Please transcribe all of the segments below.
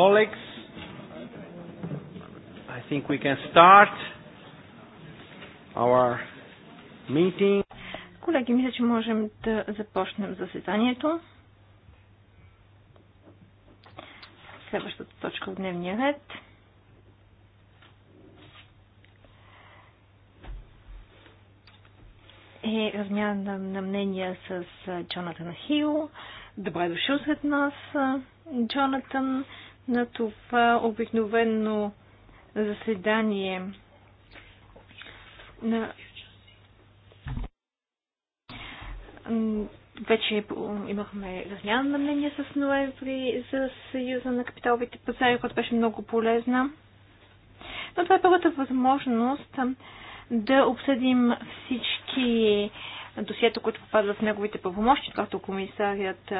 colleagues, I think we can start our meeting. Колеги, мисля, че можем да започнем заседанието. Следващата точка в дневния ред. е размяна на мнения с Джонатан Хил. Добре дошъл сред нас, Джонатан на това обикновено заседание на вече имахме размяна на мнение с ноември за Съюза на капиталовите пазари, която беше много полезна. Но това е първата възможност да обсъдим всички досиета, които попадат в неговите правомощи, както комисарият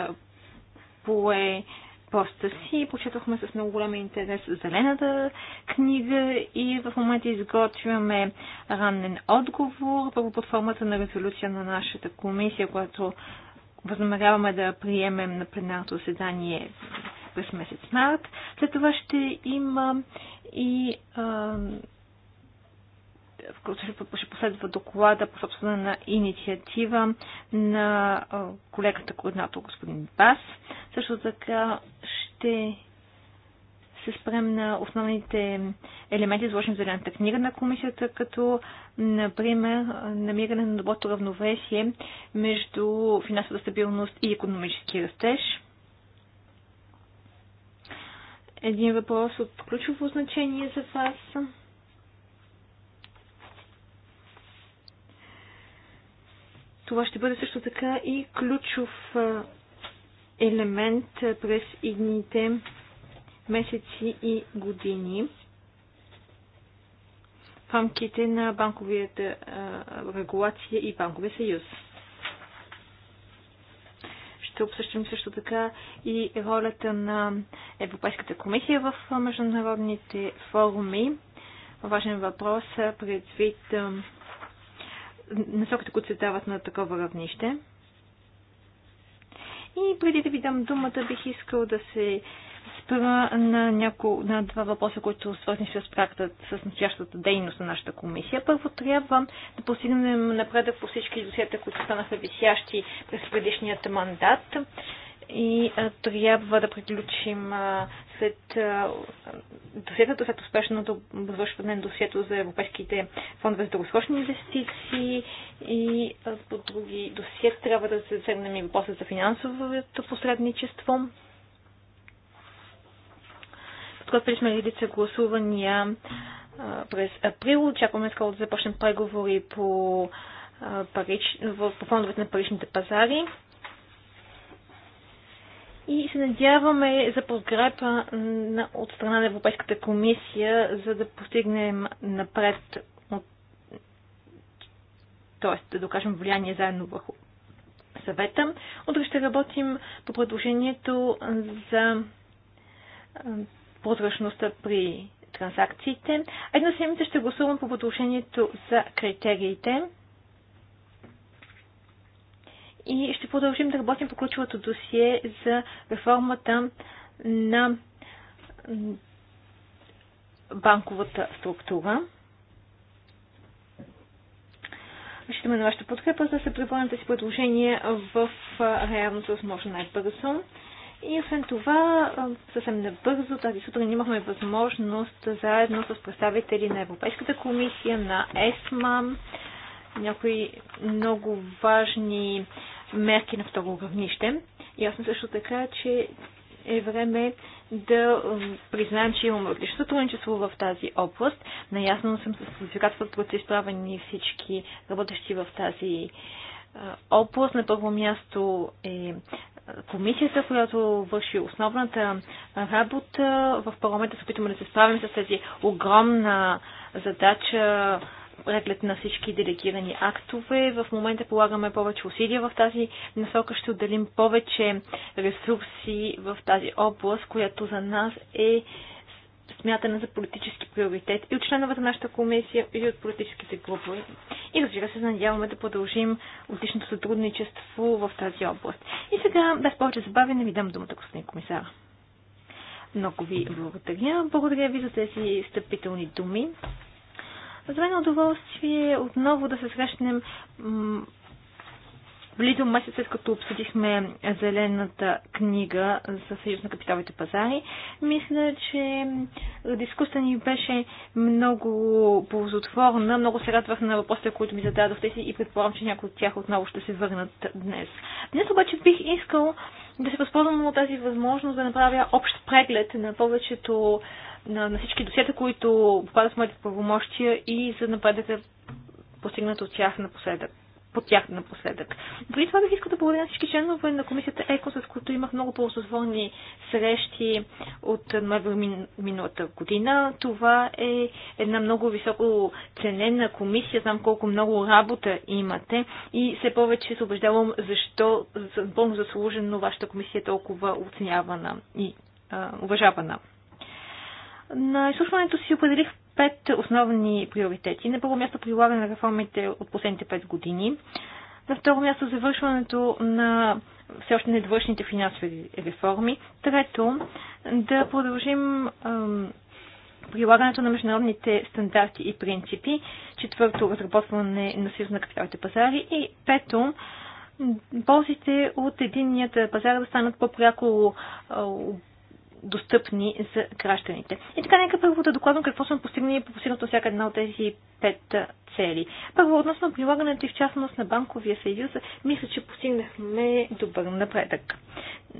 пое поста си. Почетохме с много голям интерес зелената книга и в момента изготвяме ранен отговор, първо под формата на резолюция на нашата комисия, която възнамеряваме да приемем на пленарното заседание през месец март. След това ще има и а, ще последва доклада по собствена на инициатива на колегата координатор господин Бас. Също така ще се спрем на основните елементи, изложени в зелената книга на комисията, като, например, намиране на доброто равновесие между финансовата стабилност и економически растеж. Един въпрос от ключово значение за вас Това ще бъде също така и ключов елемент през идните месеци и години в рамките на банковията регулация и банковия съюз. Ще обсъщам също така и ролята на Европейската комисия в международните форуми. Важен въпрос предвид насоките, които се дават на такова равнище. И преди да ви дам думата, бих искал да се спра на, няко, на два въпроса, които свързани с практа с настоящата дейност на нашата комисия. Първо трябва да постигнем напредък по всички досията, които станаха висящи през предишният мандат и а, трябва да приключим след досиетата, след успешното завършване на досието за европейските фондове за дългосрочни инвестиции и по други досиет трябва да се седнем и въпроса за финансовото посредничество. Подготвили сме редица гласувания през април. Очакваме скоро да започнем преговори по, парич, по фондовете на паричните пазари и се надяваме за подкрепа от страна на Европейската комисия, за да постигнем напред, от, т.е. да докажем влияние заедно върху съвета. Утре ще работим по предложението за прозрачността при транзакциите. Една седмица ще гласувам по предложението за критериите и ще продължим да работим по ключовото досие за реформата на банковата структура. Разчитаме на вашата подкрепа, за да се превърнете си предложения в реалност възможно най-бързо. И освен това, съвсем набързо, тази сутрин имахме възможност заедно с представители на Европейската комисия, на ЕСМА, някои много важни мерки на второ равнище. Ясно също така, че е време да признаем, че имаме отлично сътрудничество в тази област. Наясно съм с предизвикателствата, които са изправени всички работещи в тази област. На първо място е комисията, която върши основната работа. В парламента се опитваме да се справим с тази огромна задача преглед на всички делегирани актове. В момента полагаме повече усилия в тази насока. Ще отделим повече ресурси в тази област, която за нас е смятана за политически приоритет и от членовете на нашата комисия и от политическите групи. И разбира се, надяваме да продължим отличното сътрудничество в тази област. И сега, без повече забавяне, ви дам думата, господин комисар. Много ви благодаря. Благодаря ви за тези стъпителни думи. За мен е удоволствие отново да се срещнем близо месец след като обсъдихме зелената книга за Съюз на капиталните пазари. Мисля, че дискусията ни беше много ползотворна. Много се радвах на въпросите, които ми зададохте си и предполагам, че някои от тях отново ще се върнат днес. Днес обаче бих искал да се възползвам от тази възможност да направя общ преглед на повечето на, на всички досета, които попадат в моите правомощия и за нападете постигнат от тях напоследък по тях напоследък. Дори това бих искал да благодаря на всички членове на комисията ЕКО, с които имах много ползотворни срещи от ноември мин, миналата година. Това е една много високо ценена комисия. Знам колко много работа имате и все повече се убеждавам защо пълно заслужено вашата комисия е толкова оценявана и а, уважавана. На изслушването си определих пет основни приоритети. На първо място прилагане на реформите от последните пет години. На второ място завършването на все още недвършните финансови реформи. Трето, да продължим прилагането на международните стандарти и принципи. Четвърто, разработване на съюз на капиталите пазари. И пето, ползите от единният пазар да станат по-пряко достъпни за гражданите. И така, нека първо да докладвам какво сме постигнали по постигнато всяка една от тези пет цели. Първо, относно прилагането и в частност на Банковия съюз, мисля, че постигнахме добър напредък.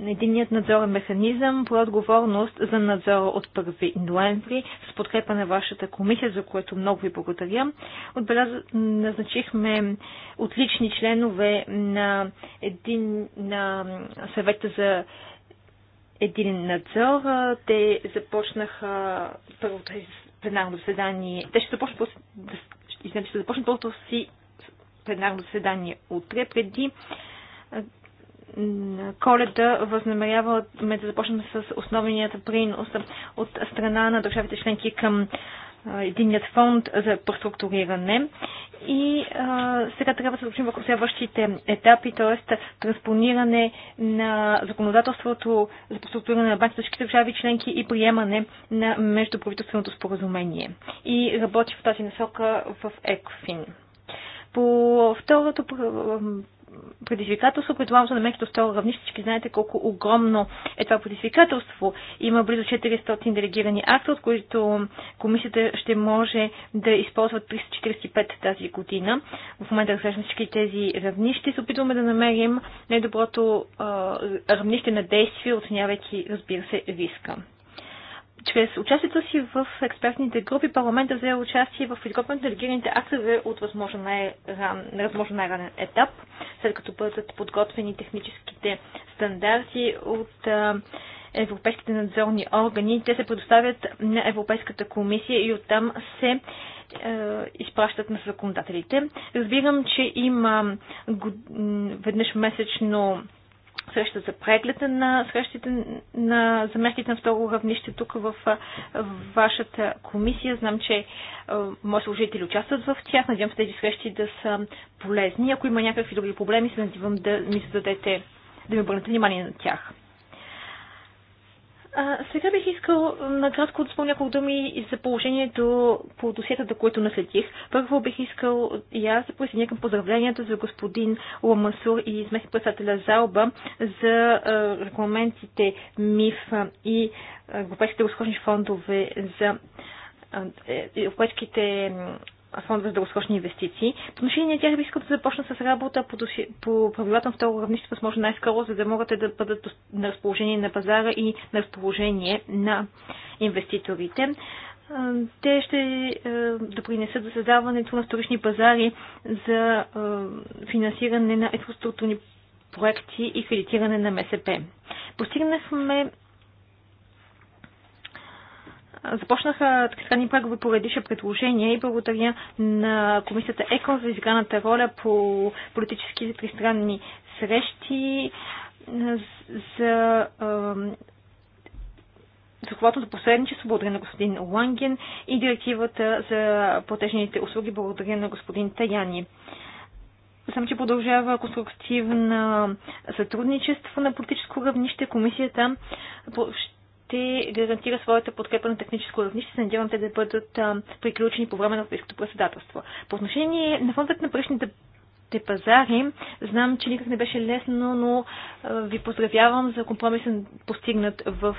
Единият надзорен механизъм по отговорност за надзор от 1 ноември с подкрепа на вашата комисия, за което много ви благодаря. Отбеляз... Назначихме отлични членове на, един... на съвета за един надзор. Те започнаха първото пленарно заседание. Те ще започнат, после... ще започнат първото си пленарно заседание утре. Преди коледа възнамеряваме да започнем с основният принос от страна на държавите членки към Единният фонд за преструктуриране. И а, сега трябва да се случим върху следващите етапи, т.е. транспониране на законодателството за преструктуриране на банките всички държави членки и приемане на междуправителственото споразумение. И работи в тази насока в ЕКФИН. По второто предизвикателство, предполагам се на от второ равнище, всички знаете колко огромно е това предизвикателство. Има близо 400 делегирани акта, от които комисията ще може да използва 345 тази година. В момента разглеждаме всички тези равнища се опитваме да намерим най-доброто равнище на действие, оценявайки, разбира се, риска чрез участието си в експертните групи парламента взе участие в изготвянето на делегираните актове от възможно най-ран, възможно най-ранен етап, след като бъдат подготвени техническите стандарти от европейските надзорни органи. Те се предоставят на Европейската комисия и оттам се е, изпращат на законодателите. Разбирам, че има веднъж месечно среща за прегледа на срещите на заместите на второ равнище тук в вашата комисия. Знам, че мои служители участват в тях. Надявам се тези срещи да са полезни. Ако има някакви други проблеми, се надявам да ми зададете, да ми обърнете внимание на тях. А, сега бих искал накратко да спомня няколко думи за положението по досиетата, което наследих. Първо бих искал и аз да поясня към поздравленията за господин Ламасур и заместник председателя Залба за а, регламентите МИФ и Европейските възхожни фондове за е, европейските фонда за дългосрочни инвестиции. По отношение на тях би искал да започна с работа по, доси... по правилата на второ равнище, възможно най-скоро, за да могат да бъдат на разположение на пазара и на разположение на инвеститорите. Те ще допринесат за създаването на вторични пазари за финансиране на инфраструктурни проекти и кредитиране на МСП. Постигнахме започнаха така ни прагове поредиша предложения и благодаря на комисията ЕКО за изграната роля по политически тристранни срещи за за посредничество, благодаря на господин Ланген и директивата за платежните услуги, благодаря на господин Таяни. Сам, че продължава конструктивно сътрудничество на политическо равнище, комисията ще гарантира своята подкрепа на техническо равнище. Се надявам те да бъдат а, приключени по време на Европейското председателство. По отношение на фондът на паричните те пазари. Знам, че никак не беше лесно, но ви поздравявам за компромисен постигнат в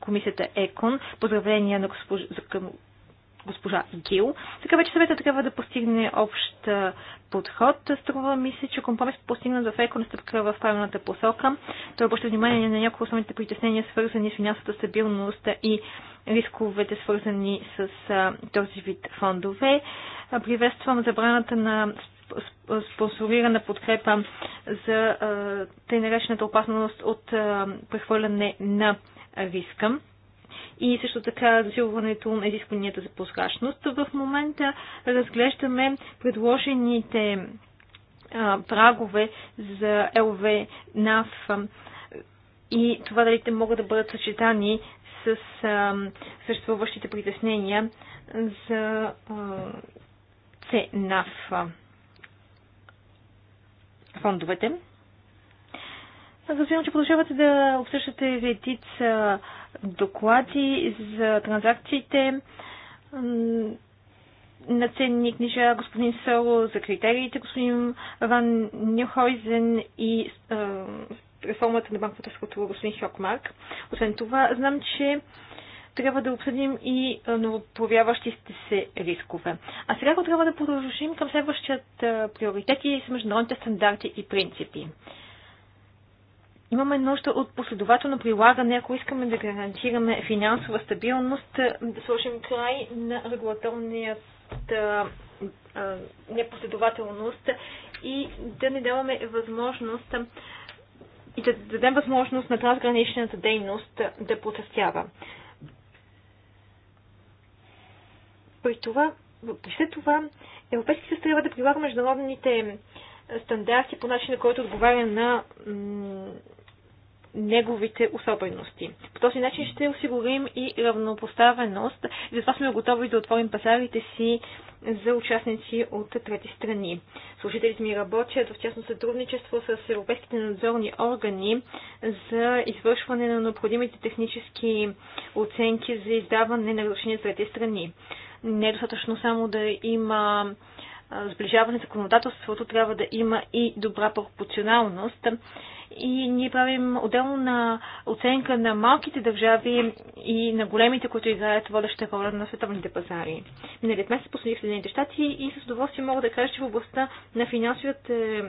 комисията ЕКОН. Поздравления на госпож... към госпожа Гил. Така вече съвета трябва да постигне общ подход. Струва ми се, че компромис постигнат в ЕКО настъпка в правилната посока. Той обръща внимание на някои основните притеснения, свързани с финансовата стабилност и рисковете, свързани с този вид фондове. Приветствам забраната на спонсорирана подкрепа за тъй наречената опасност от прехвърляне на риска и също така засилването на изискванията за прозрачност. В момента разглеждаме предложените прагове за ЛВ, НАФ и това дали те могат да бъдат съчетани с съществуващите притеснения за ЦНАФ фондовете. Разбирам, че продължавате да обсъщате редица доклади за транзакциите на ценни книжа, господин Соло, за критериите, господин Ван Нюхойзен и реформата на банковата структура, господин Хьокмарк. Освен това, знам, че трябва да обсъдим и новоповяващите се рискове. А сега трябва да продължим към следващият приоритет и с международните стандарти и принципи имаме нужда от последователно прилагане, ако искаме да гарантираме финансова стабилност, е, да сложим край на регулаторният е, е, непоследователност и да не даваме възможност и да дадем възможност на трансграничната дейност да процъфтява. При това, при след това, Европейски се трябва да прилага международните стандарти по начина, който отговаря на неговите особености. По този начин ще осигурим и равнопоставеност. Затова сме готови да отворим пазарите си за участници от трети страни. Служителите ми работят в частно сътрудничество с европейските надзорни органи за извършване на необходимите технически оценки за издаване на разрешения от трети страни. Не е достатъчно само да има сближаване законодателството трябва да има и добра пропорционалност. И ние правим отделно на оценка на малките държави и на големите, които играят водеща роля на световните пазари. Миналият месец посетих Съединените щати и с удоволствие мога да кажа, че в областта на финансовите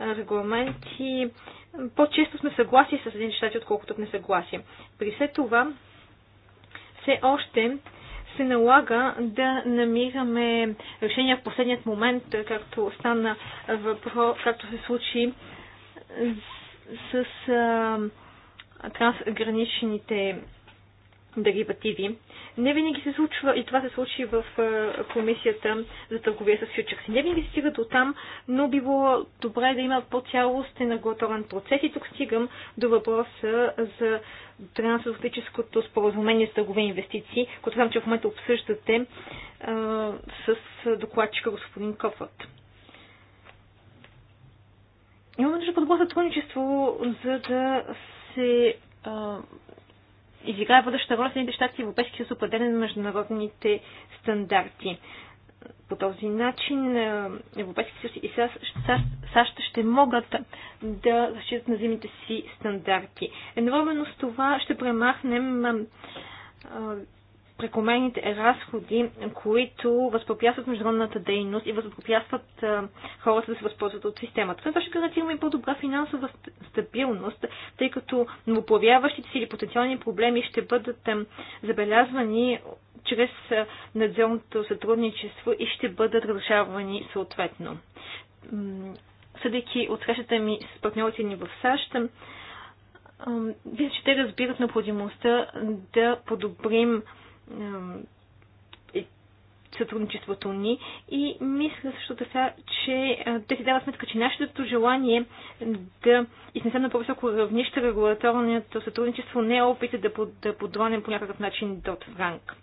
регламенти по-често сме съгласи с Съединените щати, отколкото не съгласие. При след това все още се налага да намираме решения в последният момент, както стана въпрос, както се случи с, трансграничните деривативи. Не винаги се случва, и това се случи в е, комисията за търговия с фьючерси. Не винаги се стига до там, но би било добре да има по-цялостен регулаторен процес. И тук стигам до въпроса за трансатлантическото споразумение с търгови инвестиции, което знам, че в момента обсъждате а, е, с докладчика господин Кофът. Имаме нужда по сътрудничество, за да се а, е, изиграе водеща роля Съединените щати и Европейски съюз определен на международните стандарти. По този начин е, Европейски съюз и САЩ ще могат да разчитат на зимните си стандарти. Едновременно с това ще премахнем е, прекомерните разходи, които възпрепятстват международната дейност и възпрепятстват хората да се възползват от системата. Това ще гарантираме и по-добра финансова стабилност, тъй като новоплавяващите си или потенциални проблеми ще бъдат забелязвани чрез надзорното сътрудничество и ще бъдат разрешавани съответно. Съдейки от срещата ми с партньорите ни в САЩ, вие че те разбират необходимостта да подобрим сътрудничеството ни и мисля също така, че те си дават сметка, че нашето желание да изнесем на по-високо равнище регулаторното сътрудничество не е опит да, под, да подланем по някакъв начин Дот Франк.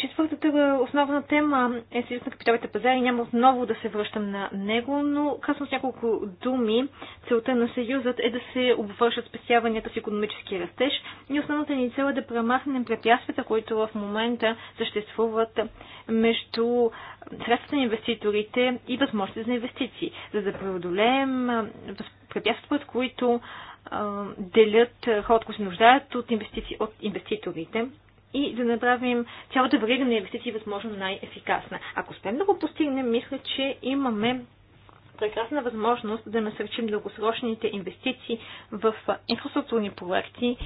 Четвъртата основна тема е съюз на капиталите пазари. Няма отново да се връщам на него, но късно с няколко думи. Целта на съюзът е да се обвършат спестяванията с економически растеж и основната ни цел е да премахнем препятствията, които в момента съществуват между средствата на инвеститорите и възможностите за инвестиции, за да преодолеем препятствията, които делят хората, които се нуждаят от инвестиции от инвеститорите и да направим цялата верига на инвестиции възможно най-ефикасна. Ако успеем да го постигнем, мисля, че имаме прекрасна възможност да насърчим дългосрочните инвестиции в инфраструктурни проекти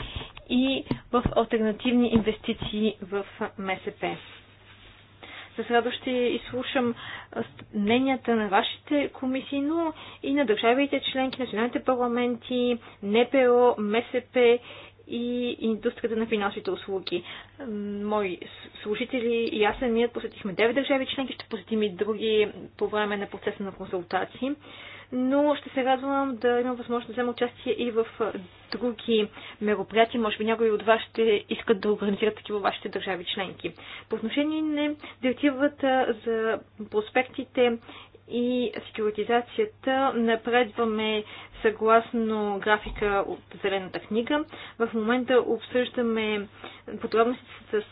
и в альтернативни инвестиции в МСП. С радост ще изслушам мненията на вашите комисии, но и на държавите членки, националните парламенти, НПО, МСП и индустрията на финансовите услуги. Мои служители и аз самият посетихме 9 държави членки, ще посетим и други по време на процеса на консултации, но ще се радвам да имам възможност да взема участие и в други мероприятия. Може би някои от вас ще искат да организират такива вашите държави членки. По отношение на директивата за проспектите и секюритизацията напредваме съгласно графика от Зелената книга. В момента обсъждаме подробностите с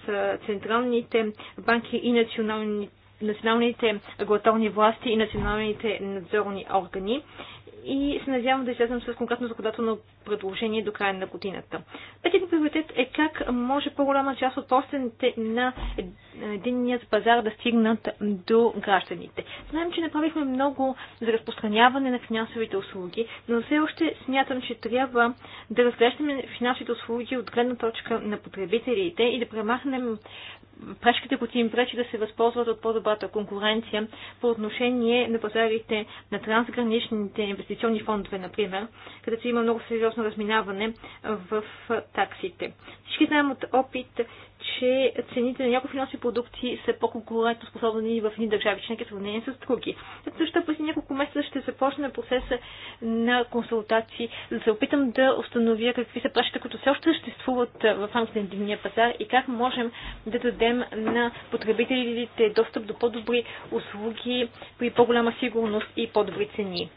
централните банки и националните националните регулаторни власти и националните надзорни органи и се надявам да излезем с конкретно законодателно предложение до края на годината. Петият приоритет е как може по-голяма част от постените на единният пазар да стигнат до гражданите. Знаем, че направихме много за разпространяване на финансовите услуги, но все още смятам, че трябва да разглеждаме финансовите услуги от гледна точка на потребителите и да премахнем пречките, които им пречи да се възползват от по-добрата конкуренция по отношение на пазарите на трансграничните инвестиционни фондове, например, където има много сериозно разминаване в таксите. Всички знаем от опит, че цените на някои финансови продукти са по-конкурентно способни в едни държави членки в сравнение с други. Също през няколко месеца ще започне процеса на консултации, за да се опитам да установя какви са плащите, които все още съществуват в рамките на дивния пазар и как можем да дадем на потребителите достъп до по-добри услуги при по-голяма сигурност и по-добри цени.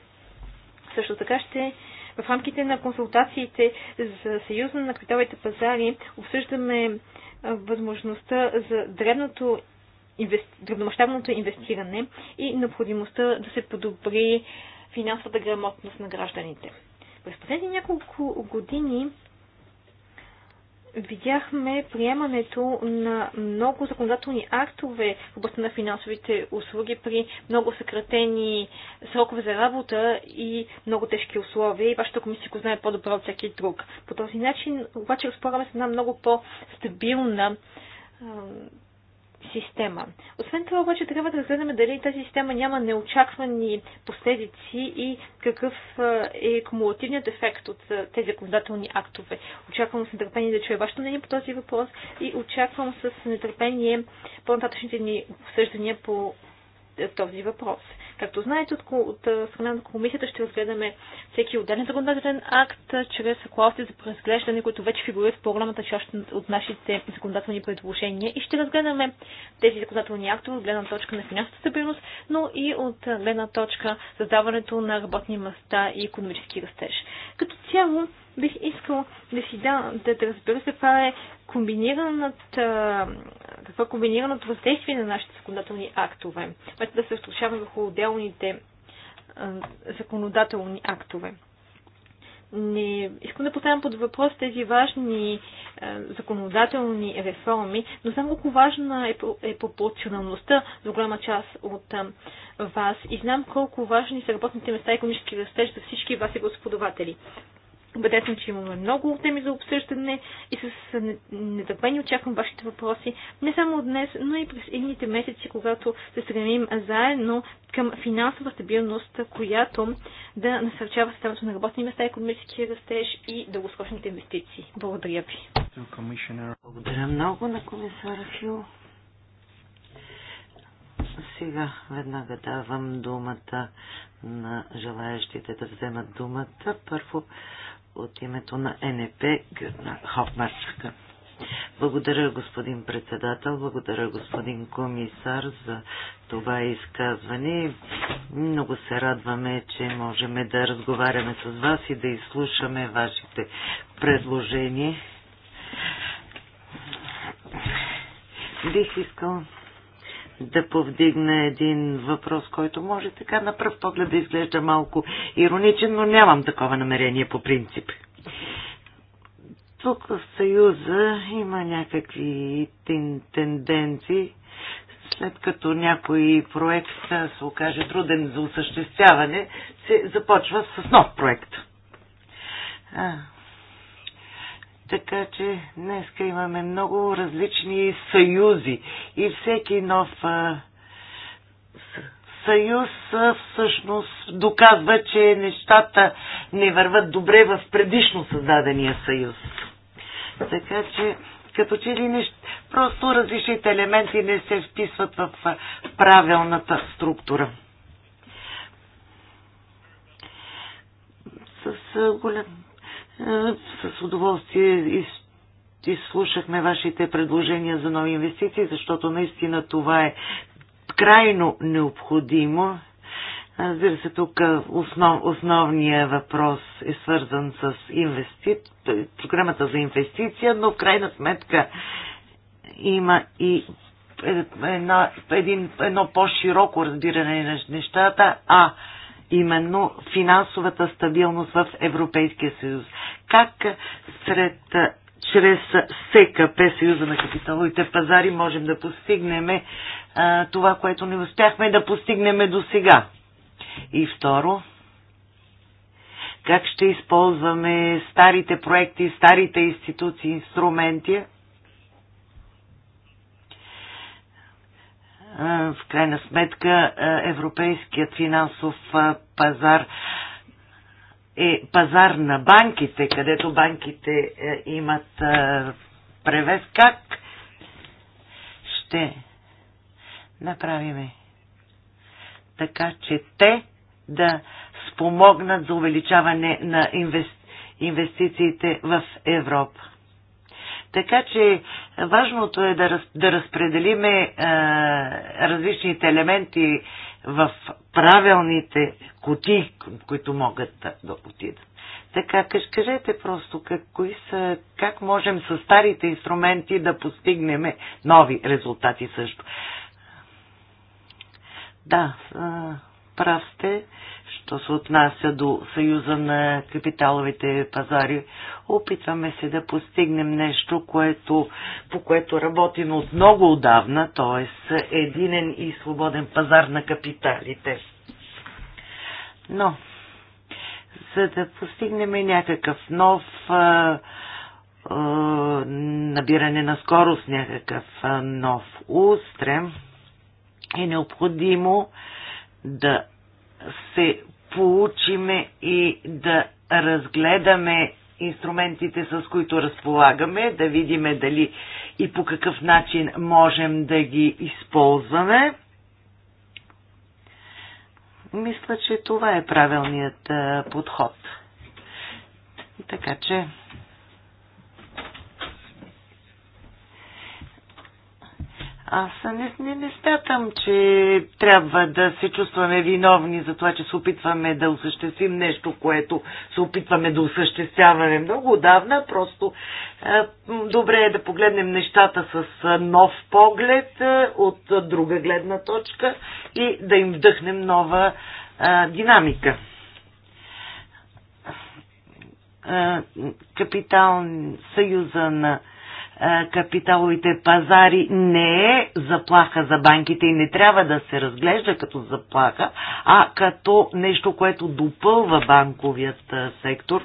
Също така ще в рамките на консултациите за Съюза на капиталите пазари обсъждаме възможността за древното инвести... дребномащабното инвестиране и необходимостта да се подобри финансовата грамотност на гражданите. През последните няколко години видяхме приемането на много законодателни актове в областта на финансовите услуги при много съкратени срокове за работа и много тежки условия и вашата комисия го знае по добро от всеки друг. По този начин обаче разполагаме с една много по-стабилна система. Освен това обаче трябва да разгледаме дали тази система няма неочаквани последици и какъв е кумулативният ефект от тези законодателни актове. Очаквам с нетърпение да чуя вашето мнение по този въпрос и очаквам с нетърпение по-нататъчните ни обсъждания по този въпрос. Както знаете, от, от страна на комисията ще разгледаме всеки отделен законодателен акт, чрез клаусите за преразглеждане, които вече фигурират в по-голямата част от нашите законодателни предложения и ще разгледаме тези законодателни актове от гледна точка на финансовата стабилност, но и от гледна точка създаването на работни места и економически растеж. Като цяло, бих искал да си да, да, да разбера се, това е комбинираната какво е комбинираното въздействие на нашите законодателни актове, което да се разрушава върху отделните законодателни актове. Не искам да поставям под въпрос тези важни е, законодателни реформи, но знам колко важна е, е пропорционалността за голяма част от е, вас и знам колко важни са работните места и економически растеж за всички вас и господаватели. Убеден съм, че имаме много теми за обсъждане и с нетърпение очаквам вашите въпроси, не само днес, но и през едните месеци, когато се стремим заедно към финансова стабилност, която да насърчава системата на работни места, економически растеж и дългосрочните инвестиции. Благодаря ви. Благодаря много на комисара Фил. Сега веднага давам думата на желаящите да вземат думата. Първо от името на НП Гюрна Хопмарчка. Благодаря, господин председател, благодаря, господин комисар, за това изказване. Много се радваме, че можем да разговаряме с вас и да изслушаме вашите предложения. Бих искал да повдигна един въпрос, който може така на пръв поглед да изглежда малко ироничен, но нямам такова намерение по принцип. Тук в Съюза има някакви тенденции, след като някой проект се окаже труден за осъществяване, се започва с нов проект. Така че днес имаме много различни съюзи и всеки нов а, съюз а, всъщност доказва, че нещата не върват добре в предишно създадения съюз. Така че като че ли нещ... просто различните елементи не се вписват в правилната структура. С голям с удоволствие изслушахме вашите предложения за нови инвестиции, защото наистина това е крайно необходимо. Разбира се, тук основ, основният въпрос е свързан с инвести... програмата за инвестиция, но в крайна сметка има и едно, един, едно по-широко разбиране на нещата, а именно финансовата стабилност в Европейския съюз. Как сред чрез СКП, Съюза на капиталовите пазари, можем да постигнем а, това, което не успяхме да постигнем до сега. И второ, как ще използваме старите проекти, старите институции, инструменти, в крайна сметка европейският финансов пазар е пазар на банките, където банките е, имат превес. Как ще направиме така, че те да спомогнат за увеличаване на инвестициите в Европа? Така че важното е да, раз, да разпределиме а, е, различните елементи в правилните кути, които могат да, да отидат. Така, кажете просто как, кои са, как можем с старите инструменти да постигнем нови резултати също. Да, е, прав сте що се отнася до Съюза на капиталовите пазари, опитваме се да постигнем нещо, което, по което работим от много отдавна, т.е. единен и свободен пазар на капиталите. Но, за да постигнем някакъв нов а, а, набиране на скорост, някакъв а, нов устрем, е необходимо да се поучиме и да разгледаме инструментите, с които разполагаме, да видиме дали и по какъв начин можем да ги използваме. Мисля, че това е правилният подход. Така че Аз не, не, не смятам, че трябва да се чувстваме виновни за това, че се опитваме да осъществим нещо, което се опитваме да осъществяваме много отдавна. Просто е, добре е да погледнем нещата с е, нов поглед, е, от друга гледна точка и да им вдъхнем нова е, динамика. Е, капитал Съюза на капиталовите пазари не е заплаха за банките и не трябва да се разглежда като заплаха, а като нещо, което допълва банковият сектор.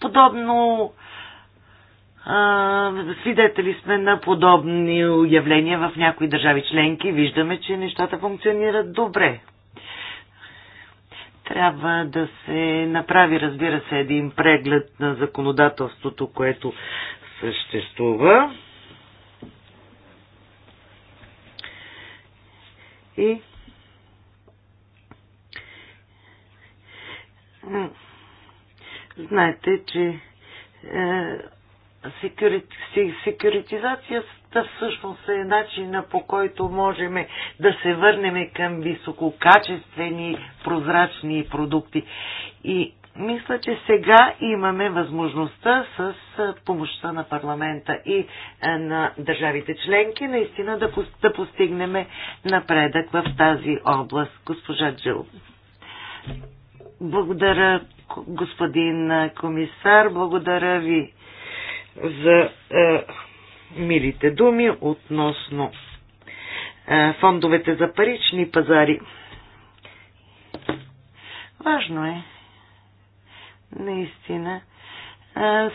Подобно свидетели сме на подобни явления в някои държави членки. Виждаме, че нещата функционират добре. Трябва да се направи, разбира се, един преглед на законодателството, което съществува. И знаете, че е, секюрит, секюритизация всъщност е начина по който можем да се върнем към висококачествени прозрачни продукти. И мисля, че сега имаме възможността с помощта на парламента и на държавите членки наистина да, да постигнем напредък в тази област. Госпожа Джил. Благодаря, господин комисар. Благодаря ви за е, милите думи относно фондовете за парични пазари. Важно е, наистина,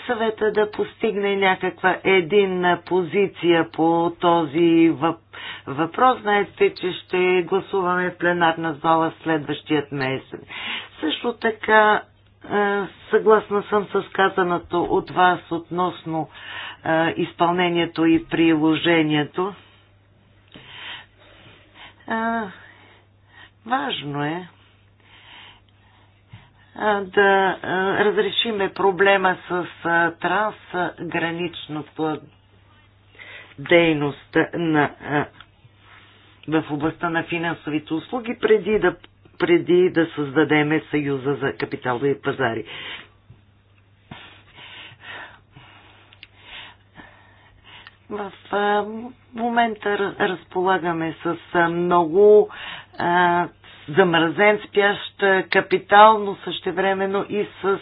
съвета да постигне някаква единна позиция по този въпрос. Знаете, че ще гласуваме в пленарна зала следващият месец. Също така е, съгласна съм с казаното от вас относно е, изпълнението и приложението. Е, важно е да разрешиме проблема с трансграничната дейност на, в областта на финансовите услуги, преди да преди да създадеме Съюза за капиталови пазари. В момента разполагаме с много замразен спящ капитал, но същевременно и с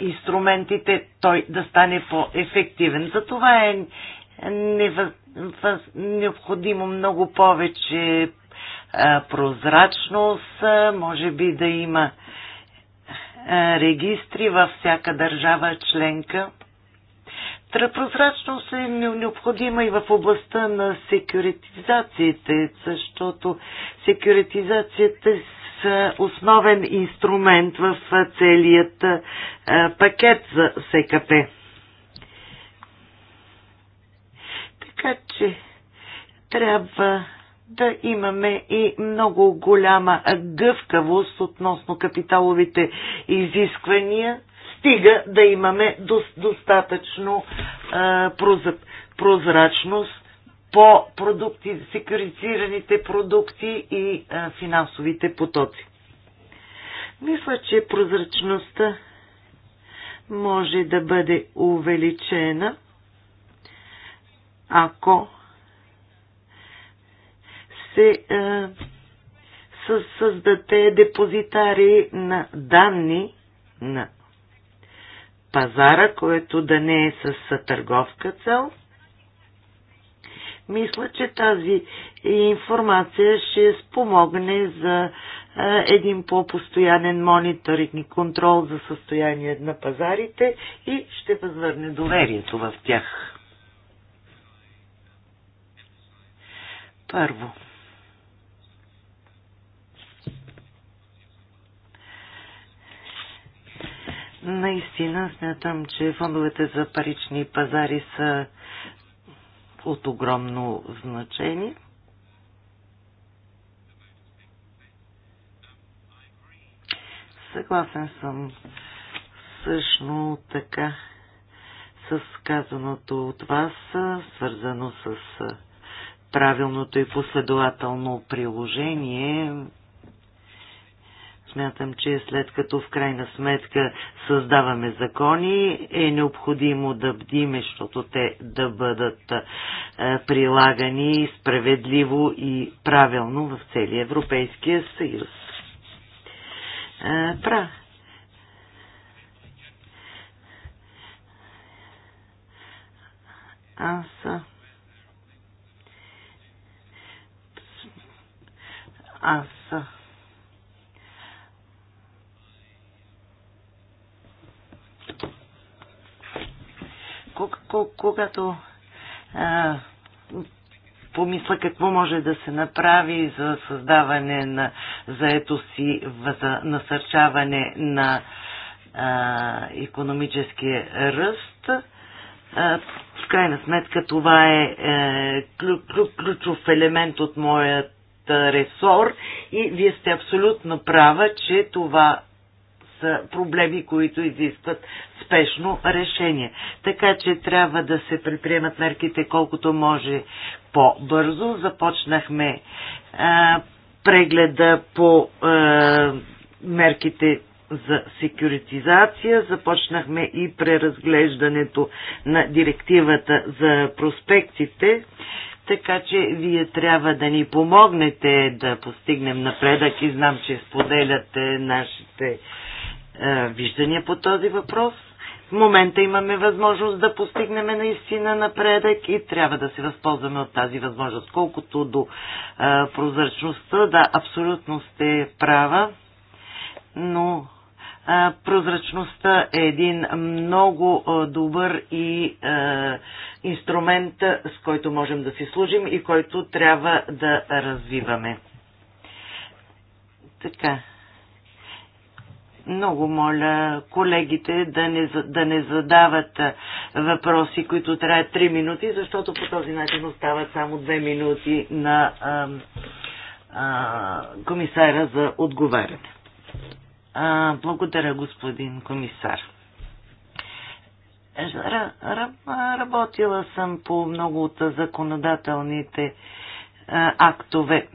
инструментите той да стане по-ефективен. Затова е невъз... необходимо много повече прозрачност, може би да има регистри във всяка държава членка. Прозрачност е необходима и в областта на секюритизациите, защото секюритизацията е основен инструмент в целият пакет за СКП. Така че трябва да имаме и много голяма гъвкавост относно капиталовите изисквания, стига да имаме достатъчно прозрачност по продукти, секюритизираните продукти и финансовите потоци. Мисля, че прозрачността може да бъде увеличена, ако се е, създаде депозитари на данни на пазара, което да не е с търговска цел. Мисля, че тази информация ще спомогне за е, един по-постоянен мониторинг и контрол за състояние на пазарите и ще възвърне доверието в тях. Първо, Наистина смятам, че фондовете за парични пазари са от огромно значение. Съгласен съм също така с казаното от вас, свързано с правилното и последователно приложение Смятам, че след като в крайна сметка създаваме закони, е необходимо да бдиме, защото те да бъдат е, прилагани справедливо и правилно в целия Европейския съюз. Е, пра. Аз е, аз когато а, помисля какво може да се направи за създаване на заето си, за насърчаване на а, економическия ръст. А, в крайна сметка това е, е ключов елемент от моят ресор и вие сте абсолютно права, че това проблеми, които изискват спешно решение. Така че трябва да се предприемат мерките колкото може по-бързо. Започнахме а, прегледа по а, мерките за секюритизация. Започнахме и преразглеждането на директивата за проспектите, така че вие трябва да ни помогнете да постигнем напредък и знам, че споделяте нашите е, виждания по този въпрос. В момента имаме възможност да постигнем наистина напредък и трябва да се възползваме от тази възможност. Колкото до а, е, прозрачността, да, абсолютно сте права, но а, е, прозрачността е един много а, добър и а, инструмент, с който можем да си служим и който трябва да развиваме. Така много моля колегите да не, да не задават въпроси, които траят 3 минути, защото по този начин остават само 2 минути на а, а, комисара за отговаряне. А, благодаря, господин комисар. Е, работила съм по много от законодателните актове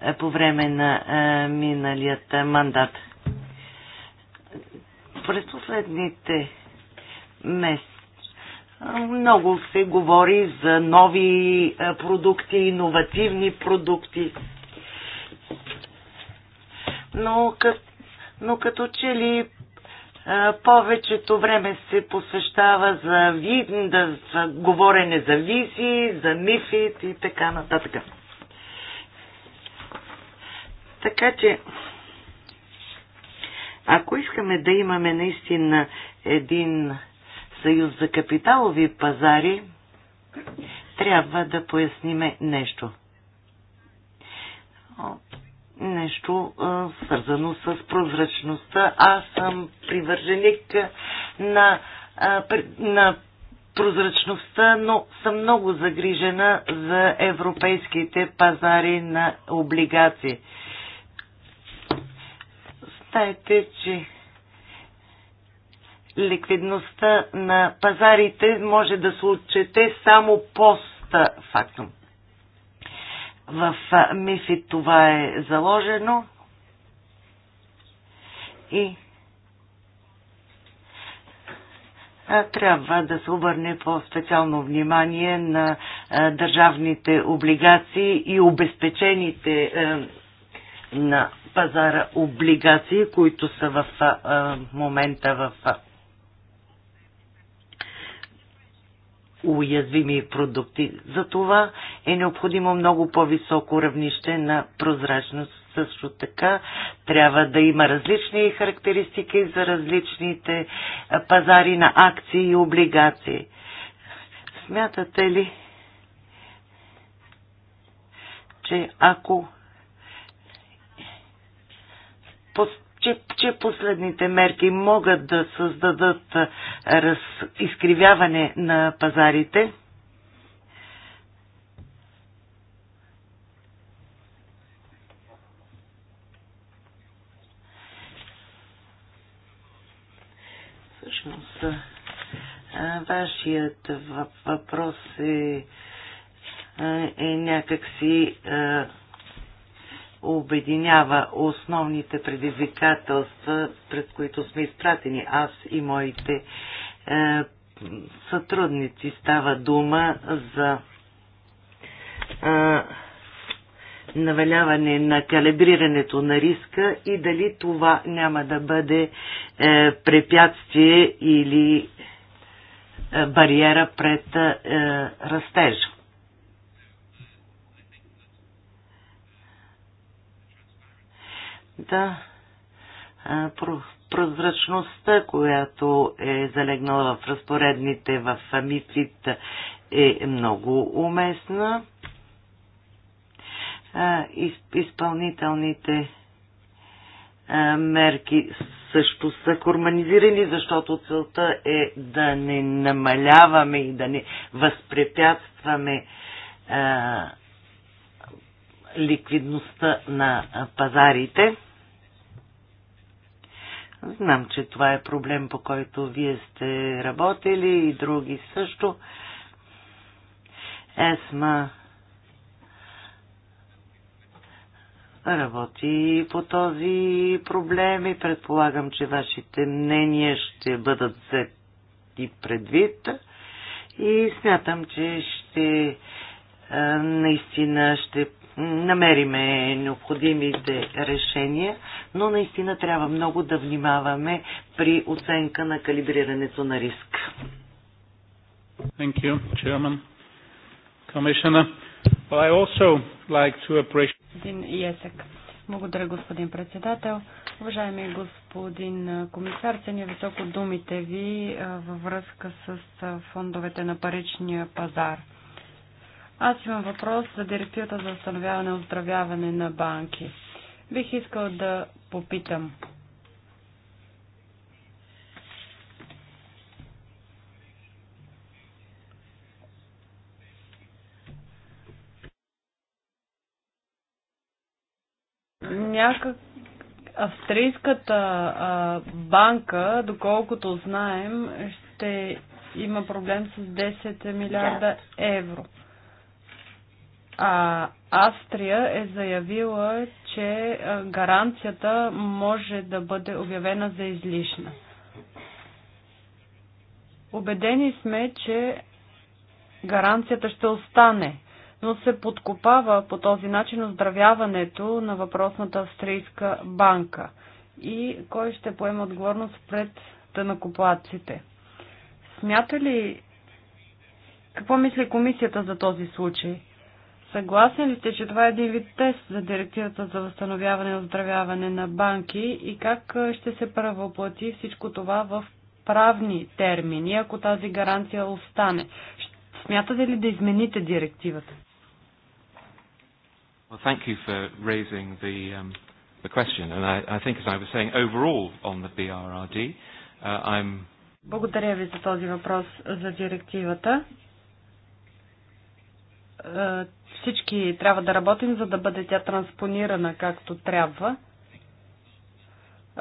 е, по време на е, миналият мандат. През последните месеци много се говори за нови е, продукти, иновативни продукти. Но, но като че ли е, повечето време се посвещава за, вид, да, за говорене за визи, за мифи и така нататък. Така че ако искаме да имаме наистина един съюз за капиталови пазари, трябва да поясниме нещо. Нещо свързано с прозрачността. Аз съм привърженик на, на прозрачността, но съм много загрижена за европейските пазари на облигации Знаете, че ликвидността на пазарите може да се отчете само пост-фактум. В МИФИ това е заложено и трябва да се обърне по-специално внимание на държавните облигации и обезпечените на пазара облигации, които са в а, момента в а, уязвими продукти. За това е необходимо много по-високо равнище на прозрачност. Също така трябва да има различни характеристики за различните пазари на акции и облигации. Смятате ли, че ако че, че последните мерки могат да създадат раз, изкривяване на пазарите. Всъщност, вашият въпрос е, е някакси обединява основните предизвикателства, пред които сме изпратени аз и моите е, сътрудници. Става дума за е, наваляване на калибрирането на риска и дали това няма да бъде е, препятствие или е, бариера пред е, растежа. да прозрачността, която е залегнала в разпоредните в МИФИТ е много уместна. Изпълнителните мерки също са хормонизирани, защото целта е да не намаляваме и да не възпрепятстваме ликвидността на пазарите. Знам, че това е проблем, по който вие сте работили и други също. ЕСМА работи по този проблем и предполагам, че вашите мнения ще бъдат взети предвид и смятам, че ще наистина ще намериме необходимите решения, но наистина трябва много да внимаваме при оценка на калибрирането на риск. Thank you, Chairman. Commissioner. Well, I also like to appreciate... Благодаря, господин председател. Уважаеми господин комисар, ценя високо думите ви във връзка с фондовете на паричния пазар – аз имам въпрос за директивата за установяване и оздравяване на банки. Бих искал да попитам. Някак австрийската а, банка, доколкото знаем, ще има проблем с 10 милиарда евро а, Австрия е заявила, че гаранцията може да бъде обявена за излишна. Обедени сме, че гаранцията ще остане, но се подкопава по този начин оздравяването на въпросната австрийска банка и кой ще поема отговорност пред тънакоплаците. Смята ли, какво мисли комисията за този случай? Съгласен ли сте, че това е един вид тест за директивата за възстановяване и оздравяване на банки и как ще се правоплати всичко това в правни термини, ако тази гаранция остане? Смятате ли да измените директивата? Well, thank you for raising the, um, the question. And I, I think, as I was saying, overall on the BRRD, uh, I'm... Благодаря ви за този въпрос за директивата. Е, всички трябва да работим, за да бъде тя транспонирана както трябва. Е,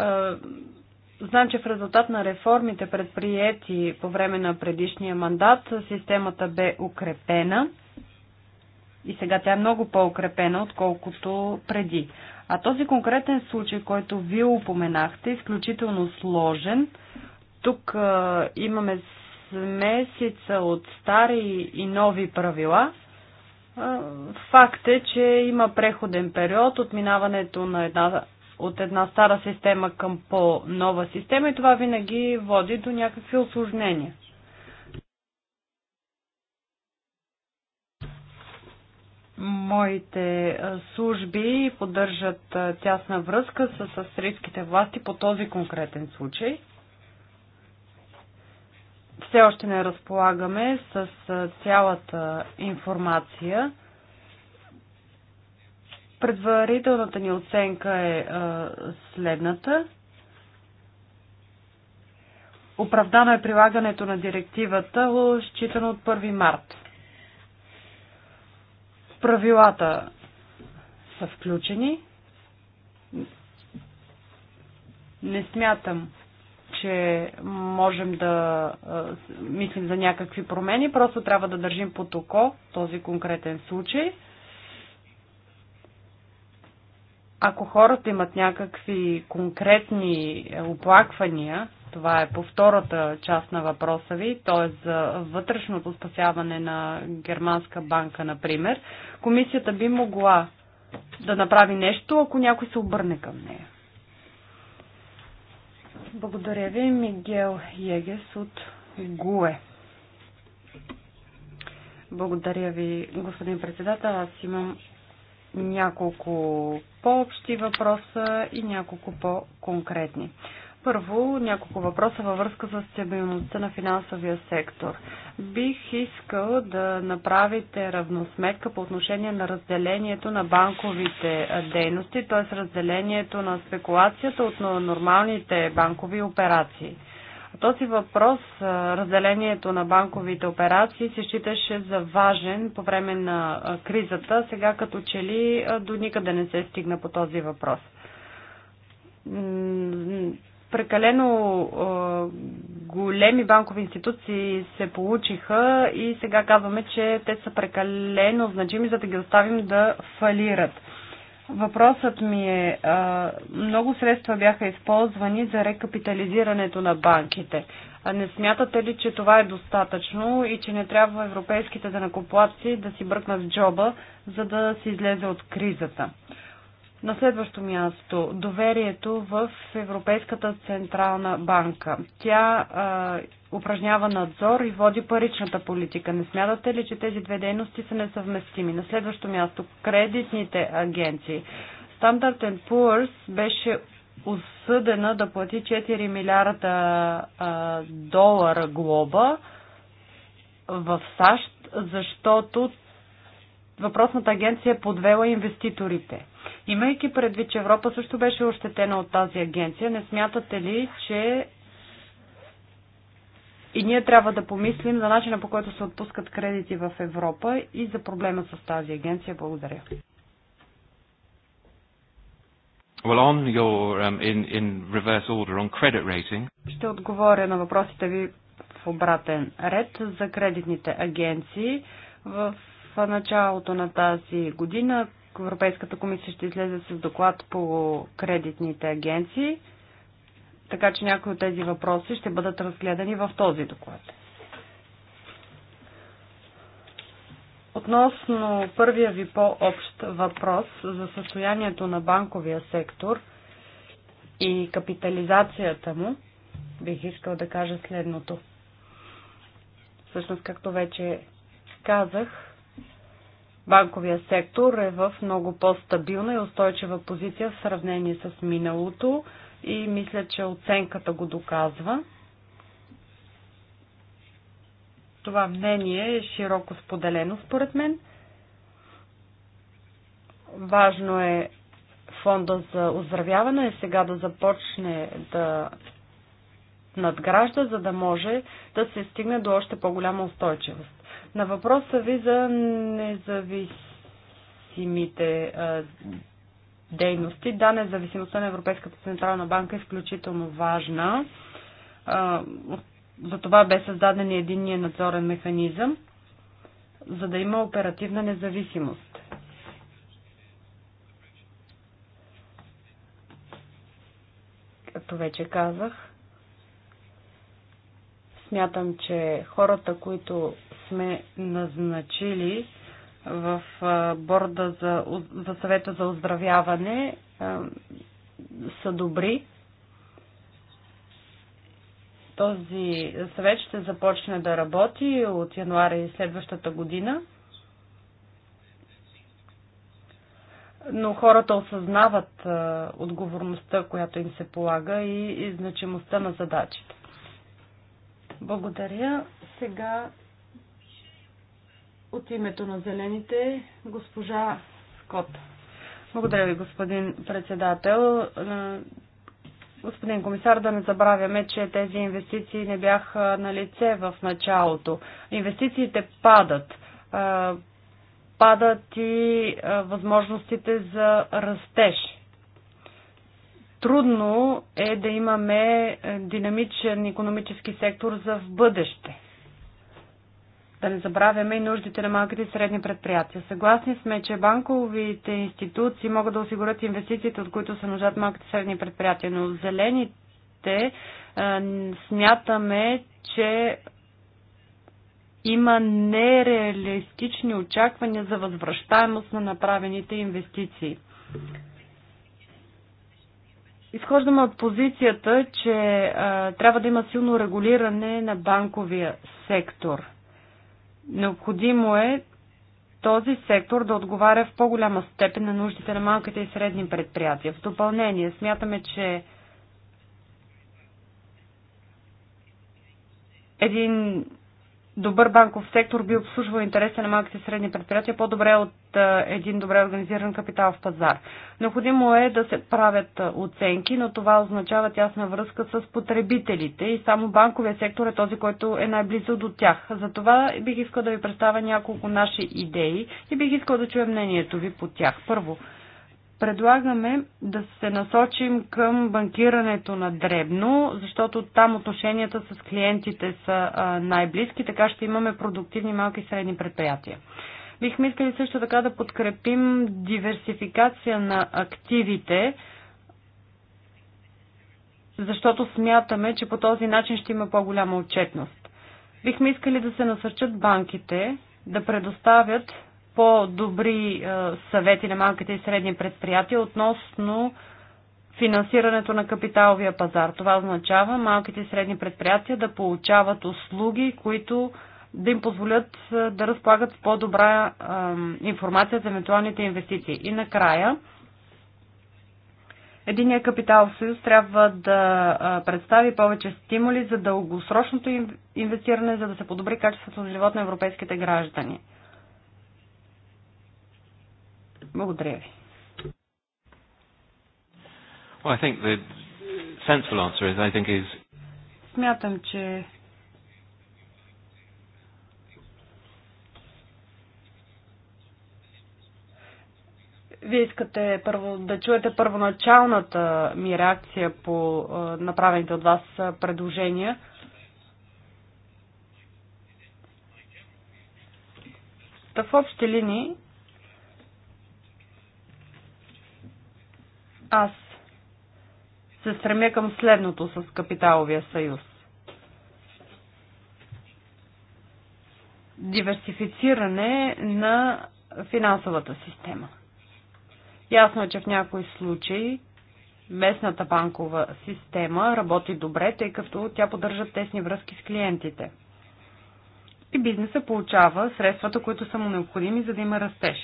знам, че в резултат на реформите, предприяти по време на предишния мандат, системата бе укрепена и сега тя е много по-укрепена, отколкото преди. А този конкретен случай, който вие упоменахте, е изключително сложен. Тук а, е, имаме смесица от стари и нови правила, Факт е, че има преходен период от минаването на една, от една стара система към по-нова система и това винаги води до някакви осложнения. Моите служби поддържат тясна връзка с австрийските власти по този конкретен случай – все още не разполагаме с цялата информация. Предварителната ни оценка е следната. Оправдано е прилагането на директивата, считано от 1 март. Правилата са включени. Не смятам, че можем да мислим за някакви промени, просто трябва да държим под око този конкретен случай. Ако хората имат някакви конкретни оплаквания, това е по втората част на въпроса ви, т.е. за вътрешното спасяване на германска банка, например, комисията би могла да направи нещо, ако някой се обърне към нея. Благодаря ви, Мигел Егес от ГУЕ. Благодаря ви, господин председател. Аз имам няколко по-общи въпроса и няколко по-конкретни. Първо, няколко въпроса във връзка с стабилността на финансовия сектор. Бих искал да направите равносметка по отношение на разделението на банковите дейности, т.е. разделението на спекулацията от нормалните банкови операции. Този въпрос, разделението на банковите операции, се считаше за важен по време на кризата. Сега като че ли до никъде не се стигна по този въпрос прекалено а, големи банкови институции се получиха и сега казваме, че те са прекалено значими, за да ги оставим да фалират. Въпросът ми е, а, много средства бяха използвани за рекапитализирането на банките. А не смятате ли, че това е достатъчно и че не трябва европейските данакоплатци да си бръкнат в джоба, за да се излезе от кризата? На следващо място, доверието в Европейската централна банка. Тя а, упражнява надзор и води паричната политика. Не смятате ли, че тези две дейности са несъвместими? На следващо място, кредитните агенции. Standard Poor's беше осъдена да плати 4 милиарда а, долара глоба в САЩ, защото въпросната агенция е подвела инвеститорите. Имайки предвид, че Европа също беше ощетена от тази агенция, не смятате ли, че и ние трябва да помислим за начина по който се отпускат кредити в Европа и за проблема с тази агенция? Благодаря. Well, on your, um, in, in reverse order, on credit rating. Ще отговоря на въпросите ви в обратен ред за кредитните агенции. В началото на тази година Европейската комисия ще излезе с доклад по кредитните агенции, така че някои от тези въпроси ще бъдат разгледани в този доклад. Относно първия ви по-общ въпрос за състоянието на банковия сектор и капитализацията му, бих искал да кажа следното. Всъщност, както вече казах, банковия сектор е в много по-стабилна и устойчива позиция в сравнение с миналото и мисля, че оценката го доказва. Това мнение е широко споделено според мен. Важно е фонда за оздравяване е сега да започне да надгражда, за да може да се стигне до още по-голяма устойчивост. На въпроса ви за независимите дейности. Да, независимостта на Европейската централна банка е изключително важна. За това бе създаден и единния надзорен механизъм, за да има оперативна независимост. Както вече казах, Смятам, че хората, които сме назначили в борда за, за съвета за оздравяване, са добри. Този съвет ще започне да работи от януари следващата година. но хората осъзнават а, отговорността, която им се полага и, и значимостта на задачите. Благодаря. Сега от името на зелените госпожа Скот. Благодаря ви, господин председател. Е, господин комисар, да не забравяме, че тези инвестиции не бяха на лице в началото. Инвестициите падат. Е, падат и е, възможностите за растеж трудно е да имаме е, динамичен економически сектор за в бъдеще. Да не забравяме и нуждите на малките и средни предприятия. Съгласни сме, че банковите институции могат да осигурят инвестициите, от които се нуждат малките и средни предприятия, но зелените е, смятаме, че има нереалистични очаквания за възвръщаемост на направените инвестиции. Изхождаме от позицията, че а, трябва да има силно регулиране на банковия сектор. Необходимо е този сектор да отговаря в по-голяма степен на нуждите на малките и средни предприятия. В допълнение, смятаме, че един добър банков сектор би обслужвал интереса на малките и средни предприятия по-добре от един добре организиран капитал в пазар. Необходимо е да се правят оценки, но това означава тясна връзка с потребителите и само банковия сектор е този, който е най-близо до тях. Затова бих искал да ви представя няколко наши идеи и бих искал да чуя мнението ви по тях. Първо, предлагаме да се насочим към банкирането на дребно, защото там отношенията с клиентите са най-близки, така ще имаме продуктивни малки и средни предприятия. Бихме искали също така да подкрепим диверсификация на активите, защото смятаме, че по този начин ще има по-голяма отчетност. Бихме искали да се насърчат банките да предоставят по-добри е, съвети на малките и средни предприятия относно финансирането на капиталовия пазар. Това означава малките и средни предприятия да получават услуги, които да им позволят е, да разполагат по-добра е, информация за евентуалните инвестиции. И накрая, Единия капитал съюз трябва да представи повече стимули за дългосрочното инвестиране, за да се подобри качеството на живот на европейските граждани. Благодаря ви. Well, I think the sensible answer is, I think is... Смятам, че Вие искате първо, да чуете първоначалната ми реакция по направените от вас предложения. Та в общи линии Аз се стремя към следното с капиталовия съюз. Диверсифициране на финансовата система. Ясно е, че в някои случаи местната банкова система работи добре, тъй като тя поддържа тесни връзки с клиентите. И бизнеса получава средствата, които са му необходими, за да има растеж.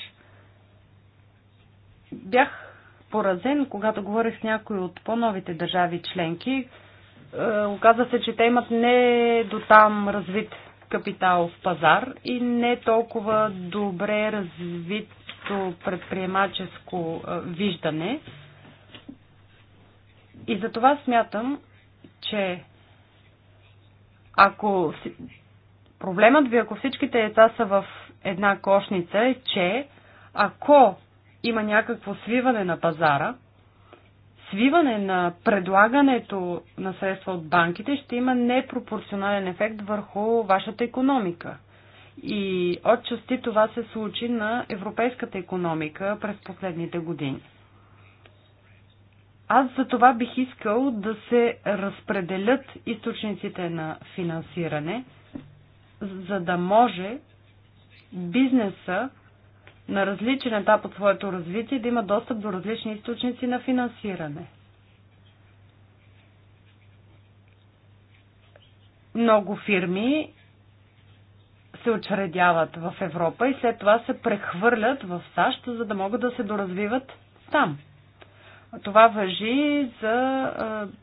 Бях поразен, когато говорих с някои от по-новите държави членки. Е, оказва се, че те имат не до там развит капитал в пазар и не толкова добре развито предприемаческо е, виждане. И за това смятам, че ако проблемът ви, ако всичките яйца са в една кошница, е, че ако има някакво свиване на пазара, свиване на предлагането на средства от банките ще има непропорционален ефект върху вашата економика. И отчасти това се случи на европейската економика през последните години. Аз за това бих искал да се разпределят източниците на финансиране, за да може бизнеса на различен етап от своето развитие да има достъп до различни източници на финансиране. Много фирми се очредяват в Европа и след това се прехвърлят в САЩ, за да могат да се доразвиват там. Това въжи за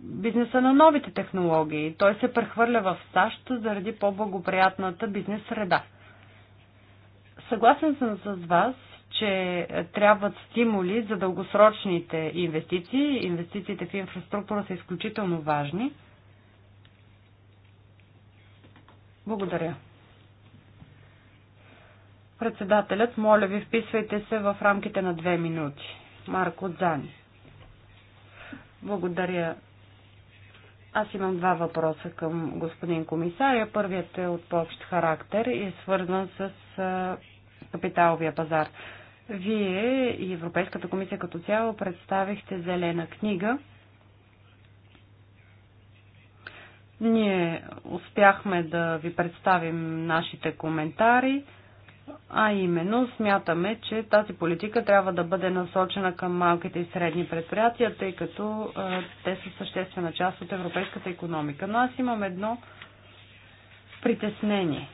бизнеса на новите технологии. Той се прехвърля в САЩ заради по-благоприятната бизнес среда. Съгласен съм с вас, че трябват стимули за дългосрочните инвестиции. Инвестициите в инфраструктура са изключително важни. Благодаря. Председателят, моля ви, вписвайте се в рамките на две минути. Марко Дзани. Благодаря. Аз имам два въпроса към господин комисаря. Първият е от по-общ характер и е свързан с капиталовия пазар. Вие и Европейската комисия като цяло представихте зелена книга. Ние успяхме да ви представим нашите коментари, а именно смятаме, че тази политика трябва да бъде насочена към малките и средни предприятия, тъй като те са съществена част от европейската економика. Но аз имам едно притеснение.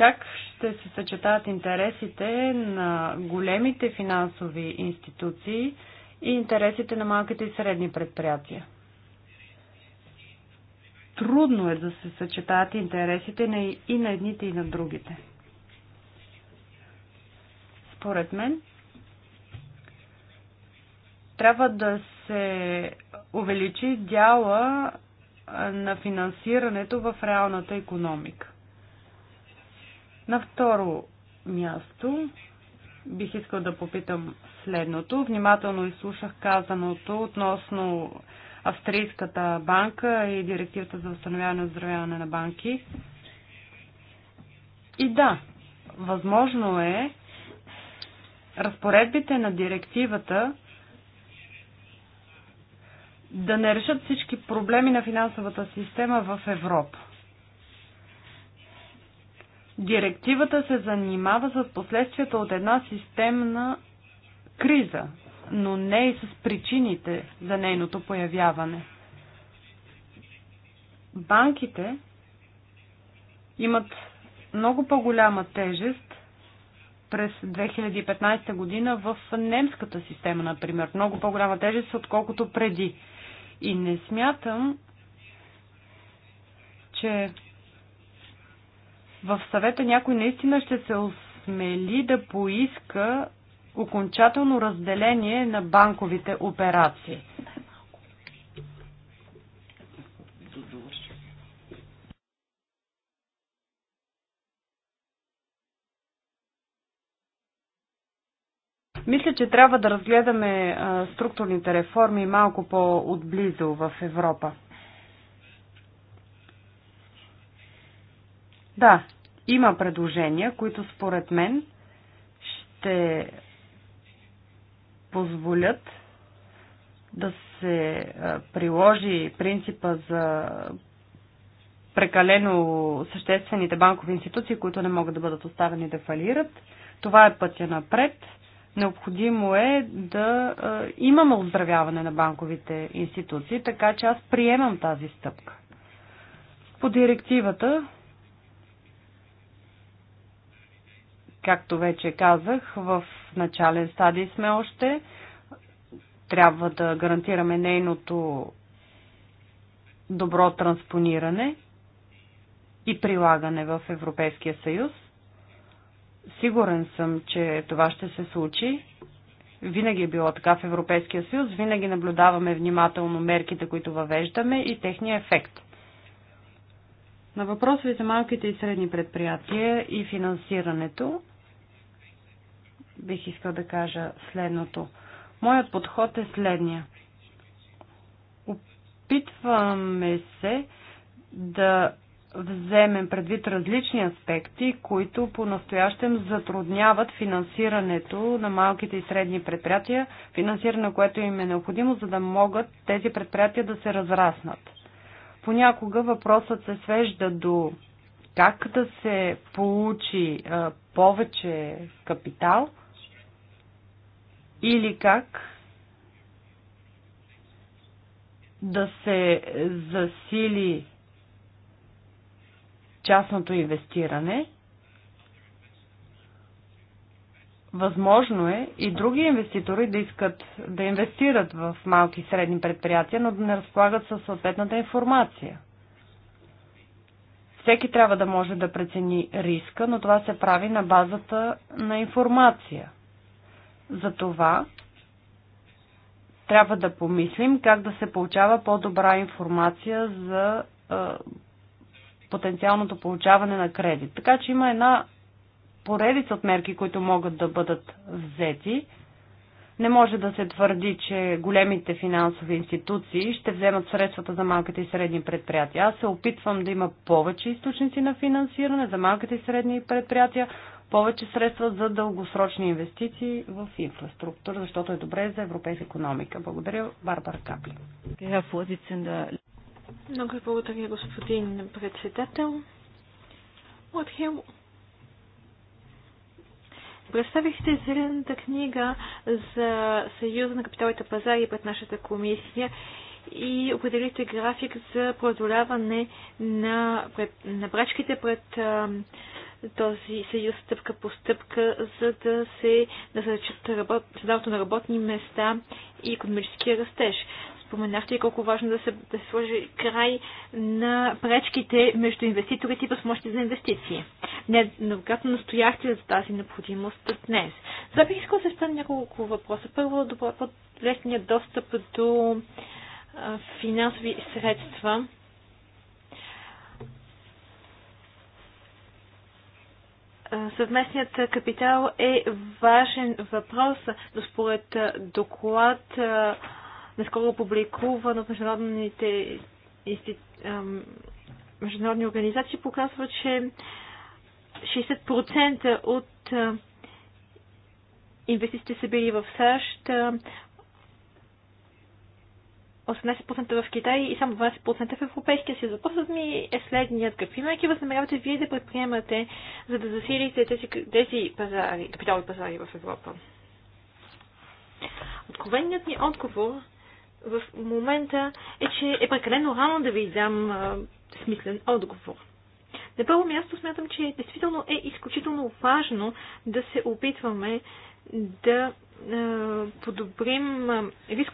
Как ще се съчетаят интересите на големите финансови институции и интересите на малките и средни предприятия? Трудно е да се съчетаят интересите и на едните и на другите. Според мен, трябва да се увеличи дяла на финансирането в реалната економика. На второ място бих искал да попитам следното. Внимателно изслушах казаното относно Австрийската банка и директивата за установяване и оздравяване на банки. И да, възможно е разпоредбите на директивата да не решат всички проблеми на финансовата система в Европа. Директивата се занимава с последствията от една системна криза, но не и с причините за нейното появяване. Банките имат много по-голяма тежест през 2015 година в немската система, например. Много по-голяма тежест, отколкото преди. И не смятам, че в съвета някой наистина ще се осмели да поиска окончателно разделение на банковите операции. Мисля, че трябва да разгледаме структурните реформи малко по-отблизо в Европа. Да, има предложения, които според мен ще позволят да се приложи принципа за прекалено съществените банкови институции, които не могат да бъдат оставени да фалират. Това е пътя напред. Необходимо е да имаме оздравяване на банковите институции, така че аз приемам тази стъпка. По директивата Както вече казах, в начален стадий сме още. Трябва да гарантираме нейното добро транспониране и прилагане в Европейския съюз. Сигурен съм, че това ще се случи. Винаги е било така в Европейския съюз, винаги наблюдаваме внимателно мерките, които въвеждаме и техния ефект. На въпроса ви за малките и средни предприятия и финансирането, бих искал да кажа следното. Моят подход е следния. Опитваме се да вземем предвид различни аспекти, които по-настоящем затрудняват финансирането на малките и средни предприятия, финансиране, което им е необходимо, за да могат тези предприятия да се разраснат. Понякога въпросът се свежда до как да се получи повече капитал – или как да се засили частното инвестиране. Възможно е и други инвеститори да искат да инвестират в малки и средни предприятия, но да не разполагат със съответната информация. Всеки трябва да може да прецени риска, но това се прави на базата на информация – за това трябва да помислим как да се получава по-добра информация за потенциалното получаване на кредит. Така че има една поредица от мерки, които могат да бъдат взети. Не може да се твърди, че големите финансови институции ще вземат средствата за малките и средни предприятия. Аз се опитвам да има повече източници на финансиране за малките и средни предприятия, повече средства за дългосрочни инвестиции в инфраструктура, защото е добре за европейска економика. Благодаря, Барбара Капли. Много благодаря, господин председател. Отхил, представихте зелената книга за Съюза на капиталите пазари пред нашата комисия и определихте график за продоляване на, на брачките пред този съюз стъпка по стъпка, за да се насърчат създаването на работни места и економически растеж. Споменахте и колко важно да се, да се сложи край на пречките между инвеститорите и възможности за инвестиции. Не, когато настояхте за тази необходимост днес. Това бих искал да се спомня няколко въпроса. Първо, добро, лесният достъп до финансови средства съвместният капитал е важен въпрос, но според доклад наскоро публикуван от международните международни организации показва, че 60% от инвестициите са били в САЩ, 18% в Китай и само 12% в Европейския съюз. Въпросът ми е следният. Какви мерки възнамерявате вие да предприемате, за да засилите тези, тези пазари, капиталови пазари в Европа? Откровеният ни отговор в момента е, че е прекалено рано да ви дам а, смислен отговор. На първо място смятам, че действително е изключително важно да се опитваме да подобрим риск,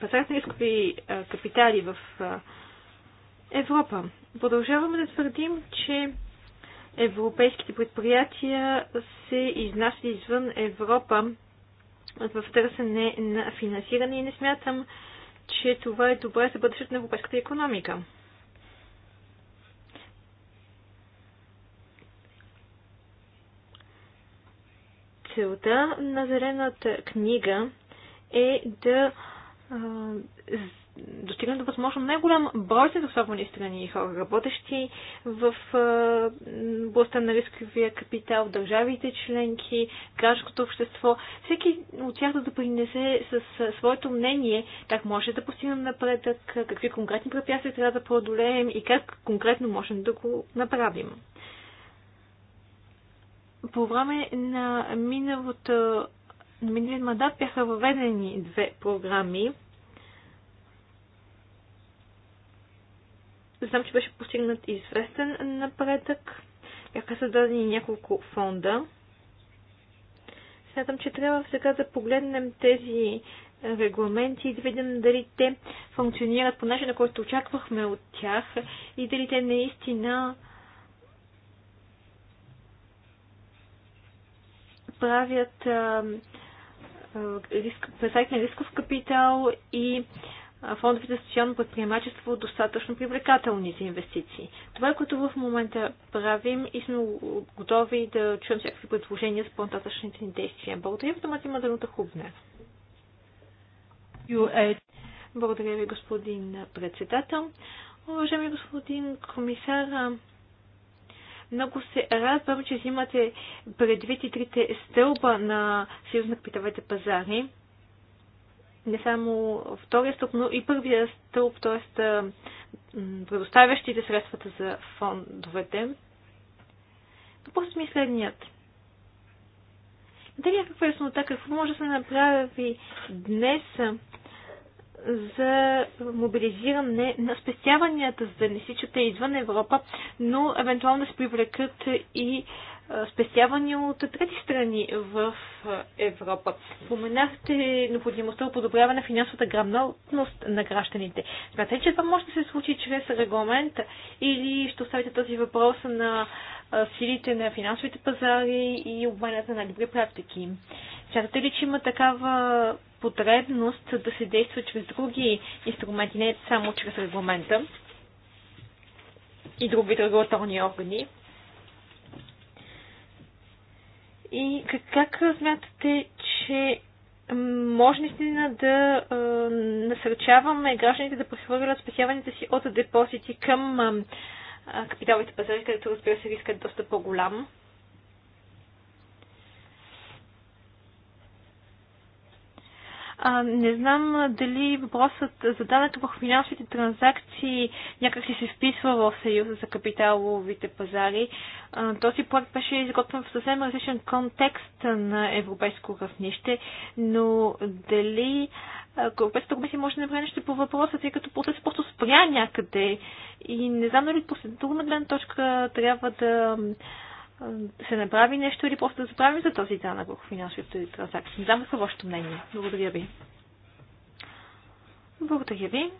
пазарът на рискови капитали в Европа. Продължаваме да твърдим, че европейските предприятия се изнасят извън Европа в търсене на финансиране и не смятам, че това е добре за бъдещето на европейската економика. Целта на зелената книга е да достигна до възможно най-голям брой заинтересовани страни и хора, работещи в областта на рисковия капитал, държавите членки, гражданското общество. Всеки от тях да допринесе с своето мнение как може да постигнем напредък, какви конкретни препятствия трябва да преодолеем и как конкретно можем да го направим. По време на миналото на миналият мандат бяха въведени две програми. Знам, че беше постигнат известен напредък. Бяха създадени няколко фонда. Смятам, че трябва сега да погледнем тези регламенти и да видим дали те функционират по начина, който очаквахме от тях и дали те наистина правят а, е, риск, на рисков капитал и фондовете за социално предприемачество достатъчно привлекателни за инвестиции. Това е което в момента правим и сме готови да чуем всякакви предложения с по-нататъчните ни действия. Благодаря ви, думата има Данута Хубнер. Благодаря ви, господин председател. Уважаеми господин комисар, много се радвам, че взимате предвид и трите стълба на Съюз на пазари. Не само втория стълб, но и първия стълб, т.е. предоставящите средствата за фондовете. Въпросът ми е следният. Дали е някаква яснота какво може да се направи днес за мобилизиране на спестяванията, за да не си сичате извън Европа, но евентуално да се привлекат и спестявания от трети страни в Европа. Споменахте необходимостта от подобряване на финансовата грамотност на гражданите. Смятате, че това може да се случи чрез регламент или ще оставите този въпрос на силите на финансовите пазари и обмената на добри практики? Смятате ли, че има такава потребност да се действа чрез други инструменти, не само чрез регламента и други регулаторни органи. И как смятате, че може наистина да е, насърчаваме гражданите да прехвърлят спесяваните си от депозити към е, капиталовите пазари, където разбира се рискът е доста по-голям? А, не знам дали въпросът за данъка върху финансовите транзакции някак си се вписва в Съюза за капиталовите пазари. А, този проект беше изготвен в съвсем различен контекст на европейско равнище, но дали Европейската комисия може да направи нещо по въпроса, тъй като процесът просто спря някъде. И не знам дали последната гледна точка трябва да се направи нещо или просто да забравим за този данък върху финансовите транзакции. Дам какво е вашето мнение. Благодаря ви. Благодаря ви.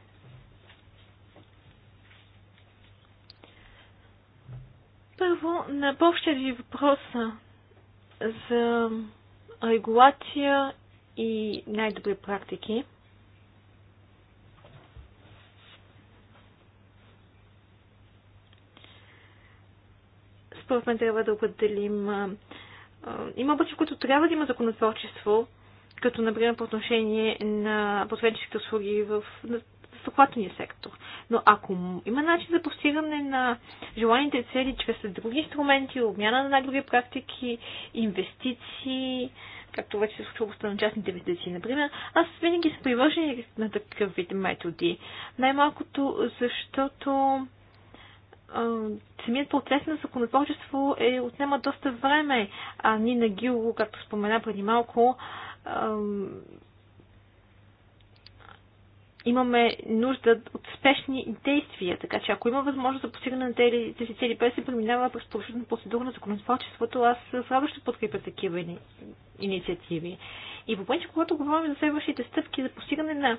Първо, на повече ви въпрос за регулация и най-добри практики. според мен трябва да определим. Има обаче, които трябва да има законотворчество, като, например, по отношение на посредническите услуги в страхователния сектор. Но ако има начин за постигане на желаните цели чрез други инструменти, обмяна на най-други практики, инвестиции, както вече се случва на частните инвестиции, например, аз винаги съм привържен на такъв вид методи. Най-малкото, защото самият процес на законотворчество е, отнема доста време. А Нина Гил, както спомена преди малко, имаме нужда от спешни действия. Така че ако има възможност за постигане на тези цели без се преминава през положителна процедура на законотворчеството, аз с радост ще подкрепя такива инициативи. И по принцип, когато говорим за следващите стъпки за постигане на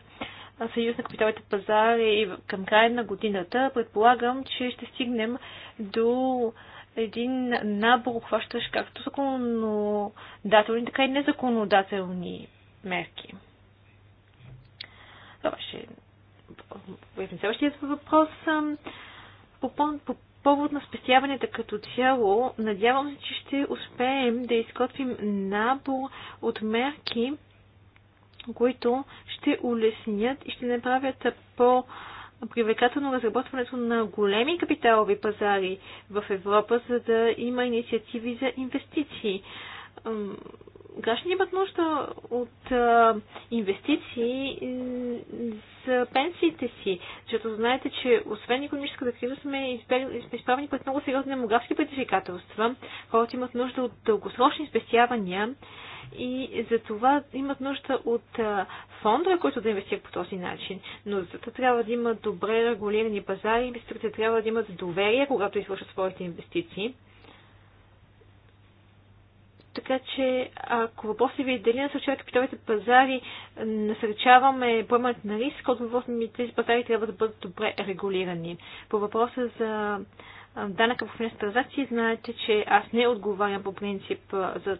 съюз на капиталите пазари към края на годината, предполагам, че ще стигнем до един набор, обхващащ както законодателни, така и незаконодателни мерки. Това е следващият въпрос. По, по, по повод на спестяванията като цяло, надявам се, че ще успеем да изготвим набор от мерки, които ще улеснят и ще направят по- привлекателно разработването на големи капиталови пазари в Европа, за да има инициативи за инвестиции граждани имат нужда от а, инвестиции за пенсиите си, защото знаете, че освен економическата криза сме изправени пред много сериозни демографски предизвикателства. Хората имат нужда от дългосрочни спестявания и за това имат нужда от фондове, които да инвестират по този начин. Но за това трябва да имат добре регулирани пазари, инвеститорите трябва да имат доверие, когато извършат своите инвестиции. Така че, ако въпросът ви е дали насърчава питовите пазари, насърчаваме поемането на риск, ми тези пазари трябва да бъдат добре регулирани. По въпроса за данъка по финансови транзакции, знаете, че аз не отговарям по принцип за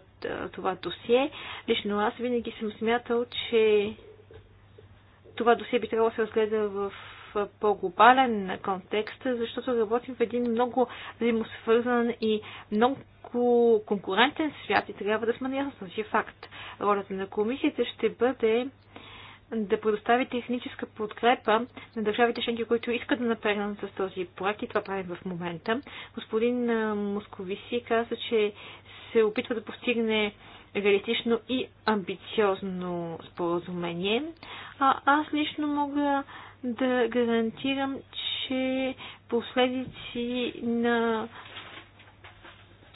това досие. Лично аз винаги съм смятал, че това досие би трябвало да се разгледа в по-глобален контекст, защото работим в един много взаимосвързан и много конкурентен свят и трябва да сме наясно с този факт. Ролята на комисията ще бъде да предостави техническа подкрепа на държавите членки, които искат да напрегнат с този проект и това правим в момента. Господин Московиси каза, че се опитва да постигне реалистично и амбициозно споразумение. А, аз лично мога да гарантирам, че последици на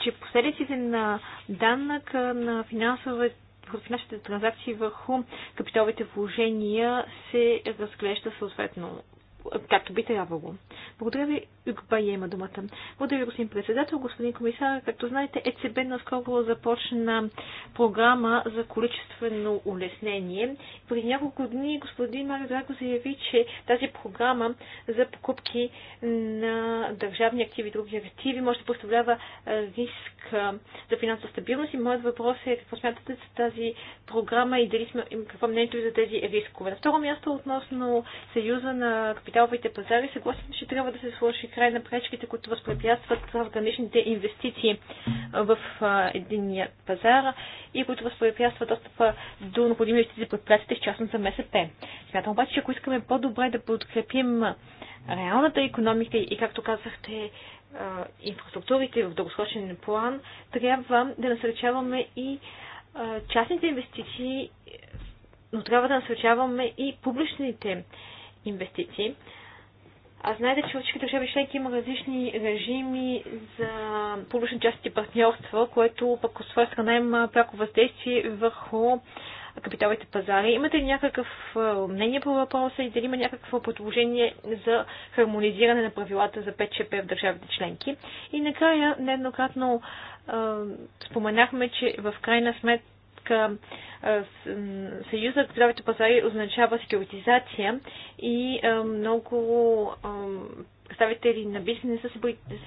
че последиците на данък на финансовите транзакции върху капиталовите вложения се разглежда съответно, както би трябвало. Благодаря ви Югбая има думата. Благодаря ви, господин председател. Господин комисар, както знаете, ЕЦБ наскоро започна програма за количествено улеснение. Преди няколко дни господин Марио Драго заяви, че тази програма за покупки на държавни активи и други активи може да поставлява риск за финансова стабилност. И моят въпрос е какво смятате за тази програма и дали сме, какво мнението ви за тези рискове. На второ място относно Съюза на капиталовите пазари, съгласен, че трябва да се сложи край на пречките, които възпрепятстват органичните инвестиции в единния пазар и които възпрепятстват достъпа до необходими инвестиции за предприятията, в частност за МСП. Смятам обаче, че ако искаме по-добре да подкрепим реалната економика и, както казахте, инфраструктурите в дългосрочен план, трябва да насърчаваме и частните инвестиции, но трябва да насърчаваме и публичните инвестиции. А знаете, че всички държави членки има различни режими за публично части партньорства, което пък от своя страна има пряко въздействие върху капиталите пазари. Имате ли някакъв мнение по въпроса и дали има някакво предложение за хармонизиране на правилата за ПЧП в държавите членки? И накрая нееднократно споменахме, че в крайна сметка сметка съюзът здравите пазари означава секюритизация и много представители на бизнеса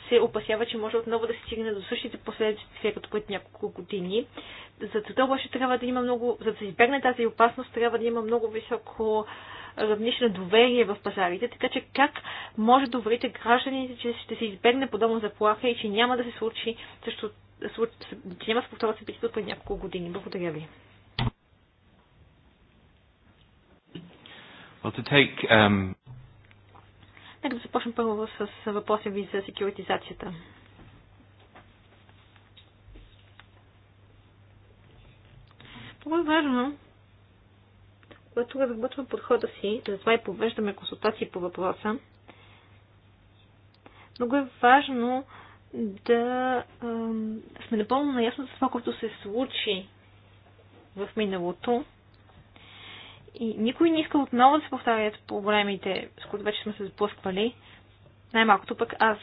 се, опасява, че може отново да се стигне до същите последствия, като пред няколко години. За това обаче трябва да има много, за да се избегне тази опасност, трябва да има много високо равнище на доверие в пазарите, така че как може да уверите гражданите, че ще се избегне подобна заплаха и че няма да се случи също няма се повтора се от по няколко години. Благодаря ви. Well, to take, um... Нека да започнем първо с въпроса ви за секюритизацията. Много е важно, когато разработваме подхода си, затова и провеждаме консултации по въпроса, много е важно да ам, сме напълно наясно с това, което се случи в миналото. И никой не иска отново да се повтарят проблемите, с които вече сме се сблъсквали. Най-малкото пък аз.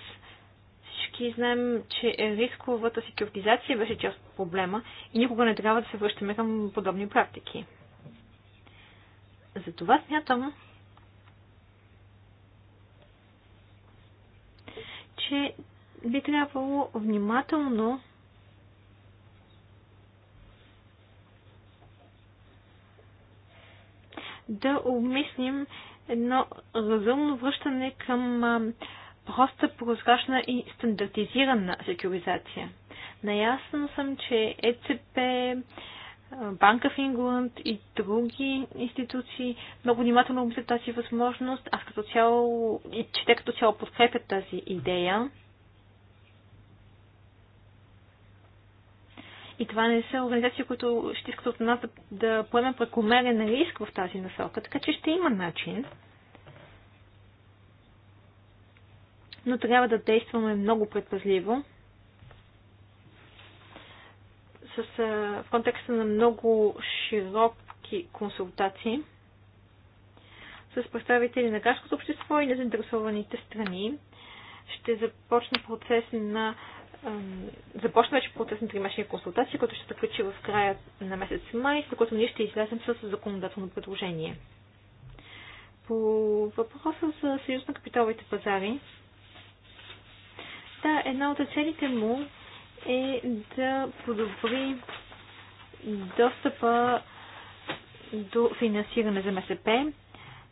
Всички знаем, че рисковата секюртизация беше част от проблема и никога не трябва да се връщаме към подобни практики. Затова смятам, че би трябвало внимателно да обмислим едно разумно връщане към проста, прозрачна и стандартизирана секюризация. Наясно съм, че ЕЦП, Банка в Ингланд и други институции много внимателно обмислят тази възможност. Аз като цяло и че те като цяло подкрепят тази идея. И това не са организации, които ще искат от нас да, да поемем прекомерен риск в тази насока, така че ще има начин. Но трябва да действаме много предпазливо. С, а, в контекста на много широки консултации с представители на гражданското общество и на заинтересованите страни. Ще започне процес на започна вече процес на тримесечни консултации, който ще заключи в края на месец май, след което ние ще излезем с законодателно предложение. По въпроса за съюз на капиталовите пазари, да, една от целите му е да подобри достъпа до финансиране за МСП.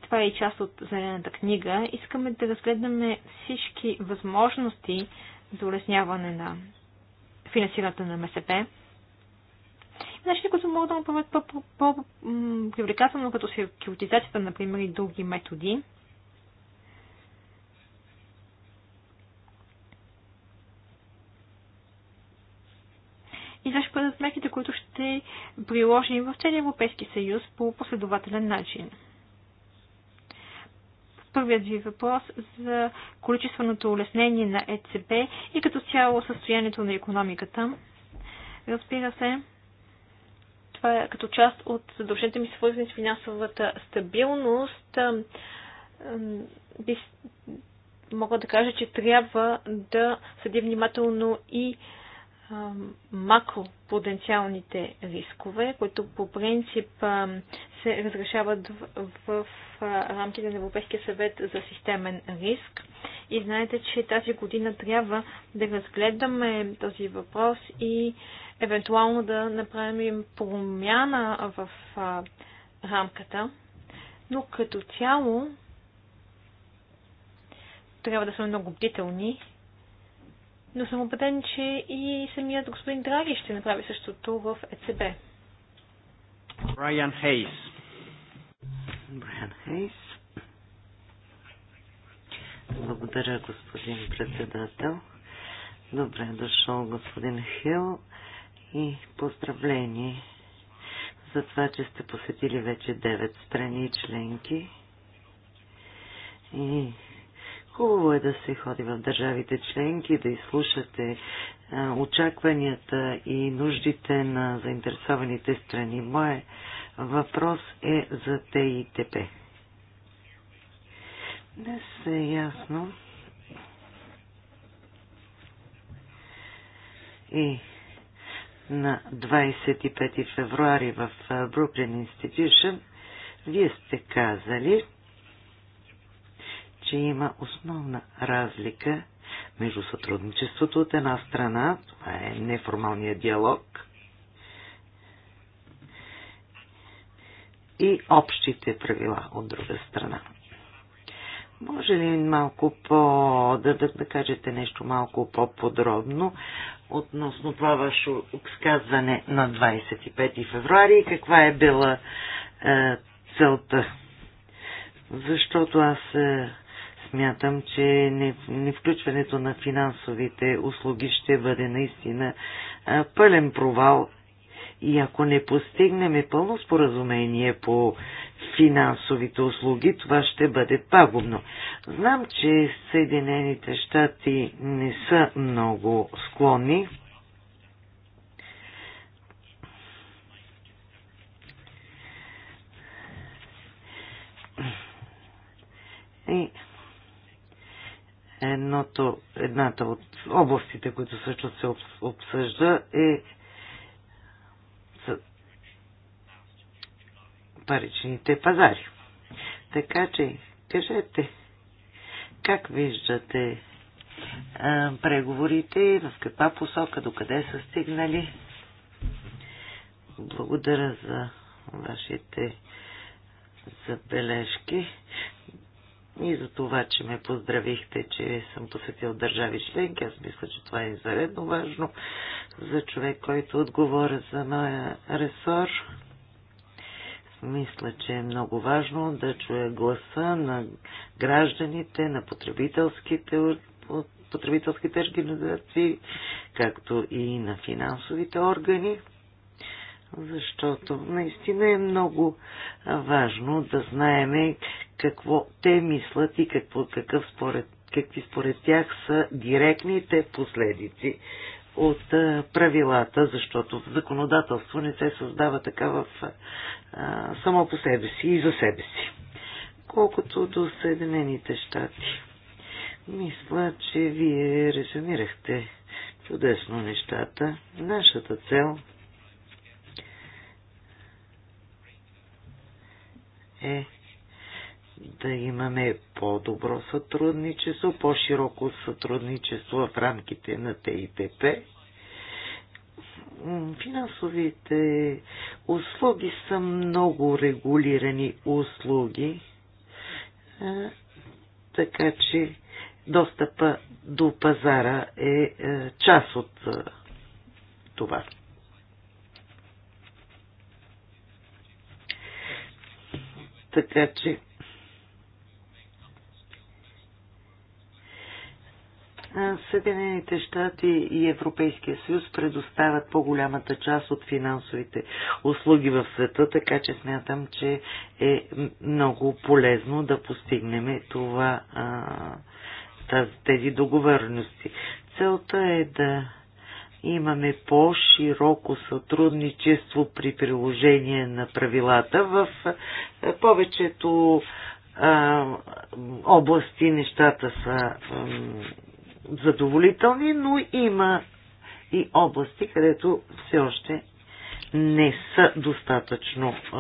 Това е и част от Зелената книга. Искаме да разгледаме всички възможности за улесняване на финансирането на МСП. Значи, които могат да му по-привлекателно, като секюритизацията, например, и други методи. И това ще бъдат мерките, които ще приложим в целия Европейски съюз по последователен начин първият ви въпрос за количественото улеснение на ЕЦБ и като цяло състоянието на економиката. Разбира се, това е като част от задължените ми, свързани с финансовата стабилност. Би, мога да кажа, че трябва да съди внимателно и макропотенциалните рискове, които по принцип се разрешават в, в, в рамките на Европейския съвет за системен риск. И знаете, че тази година трябва да разгледаме този въпрос и евентуално да направим промяна в а, рамката. Но като цяло трябва да сме много бдителни но съм убеден, че и самият господин Драги ще направи същото в ЕЦБ. Брайан Хейс. Брайан Хейс. Благодаря, господин председател. Добре дошъл, господин Хил, и поздравление за това, че сте посетили вече 9 страни и членки. И хубаво е да се ходи в държавите членки, да изслушате очакванията и нуждите на заинтересованите страни. Мое въпрос е за ТИТП. Днес е ясно. И на 25 февруари в Бруклин Инститюшн вие сте казали, че има основна разлика между сътрудничеството от една страна, това е неформалният диалог, и общите правила от друга страна. Може ли малко по, да, да, да кажете нещо малко по-подробно относно това ваше обсказване на 25 февруари и каква е била е, целта? Защото аз е, смятам, че не, не включването на финансовите услуги ще бъде наистина е, пълен провал и ако не постигнем пълно споразумение по финансовите услуги, това ще бъде пагубно. Знам, че Съединените щати не са много склонни И едното, едната от областите, които също се обсъжда, е паричните пазари. Така че, кажете, как виждате а, преговорите, в каква посока, докъде са стигнали? Благодаря за вашите забележки и за това, че ме поздравихте, че съм посетил държави членки. Аз мисля, че това е изредно важно за човек, който отговоря за моя ресор. Мисля, че е много важно да чуя гласа на гражданите, на потребителските, потребителските организации, както и на финансовите органи, защото наистина е много важно да знаеме какво те мислят и какво, какъв според, какви според тях са директните последици от правилата, защото в законодателство не се създава така в, а, само по себе си и за себе си. Колкото до Съединените щати, мисля, че вие резюмирахте чудесно нещата. Нашата цел е да имаме по-добро сътрудничество, по-широко сътрудничество в рамките на ТИТП. Финансовите услуги са много регулирани услуги, така че достъпа до пазара е част от това. Така че Съединените щати и Европейския съюз предоставят по-голямата част от финансовите услуги в света, така че смятам, че е много полезно да постигнем това, тези договорености. Целта е да имаме по-широко сътрудничество при приложение на правилата. В повечето области нещата са задоволителни, но има и области, където все още не са достатъчно, а,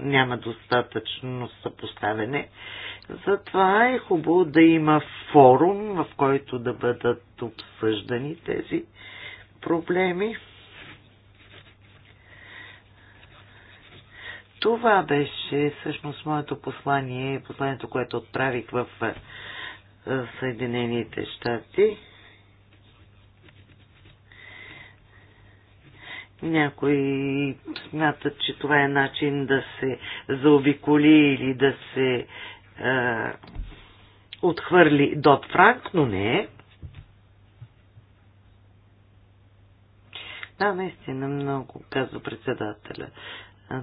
няма достатъчно съпоставяне. Затова е хубаво да има форум, в който да бъдат обсъждани тези проблеми. Това беше всъщност моето послание, посланието, което отправих в е, Съединените щати. Някои смятат, че това е начин да се заобиколи или да се е, отхвърли Дот Франк, но не е. Да, наистина много, казва председателя.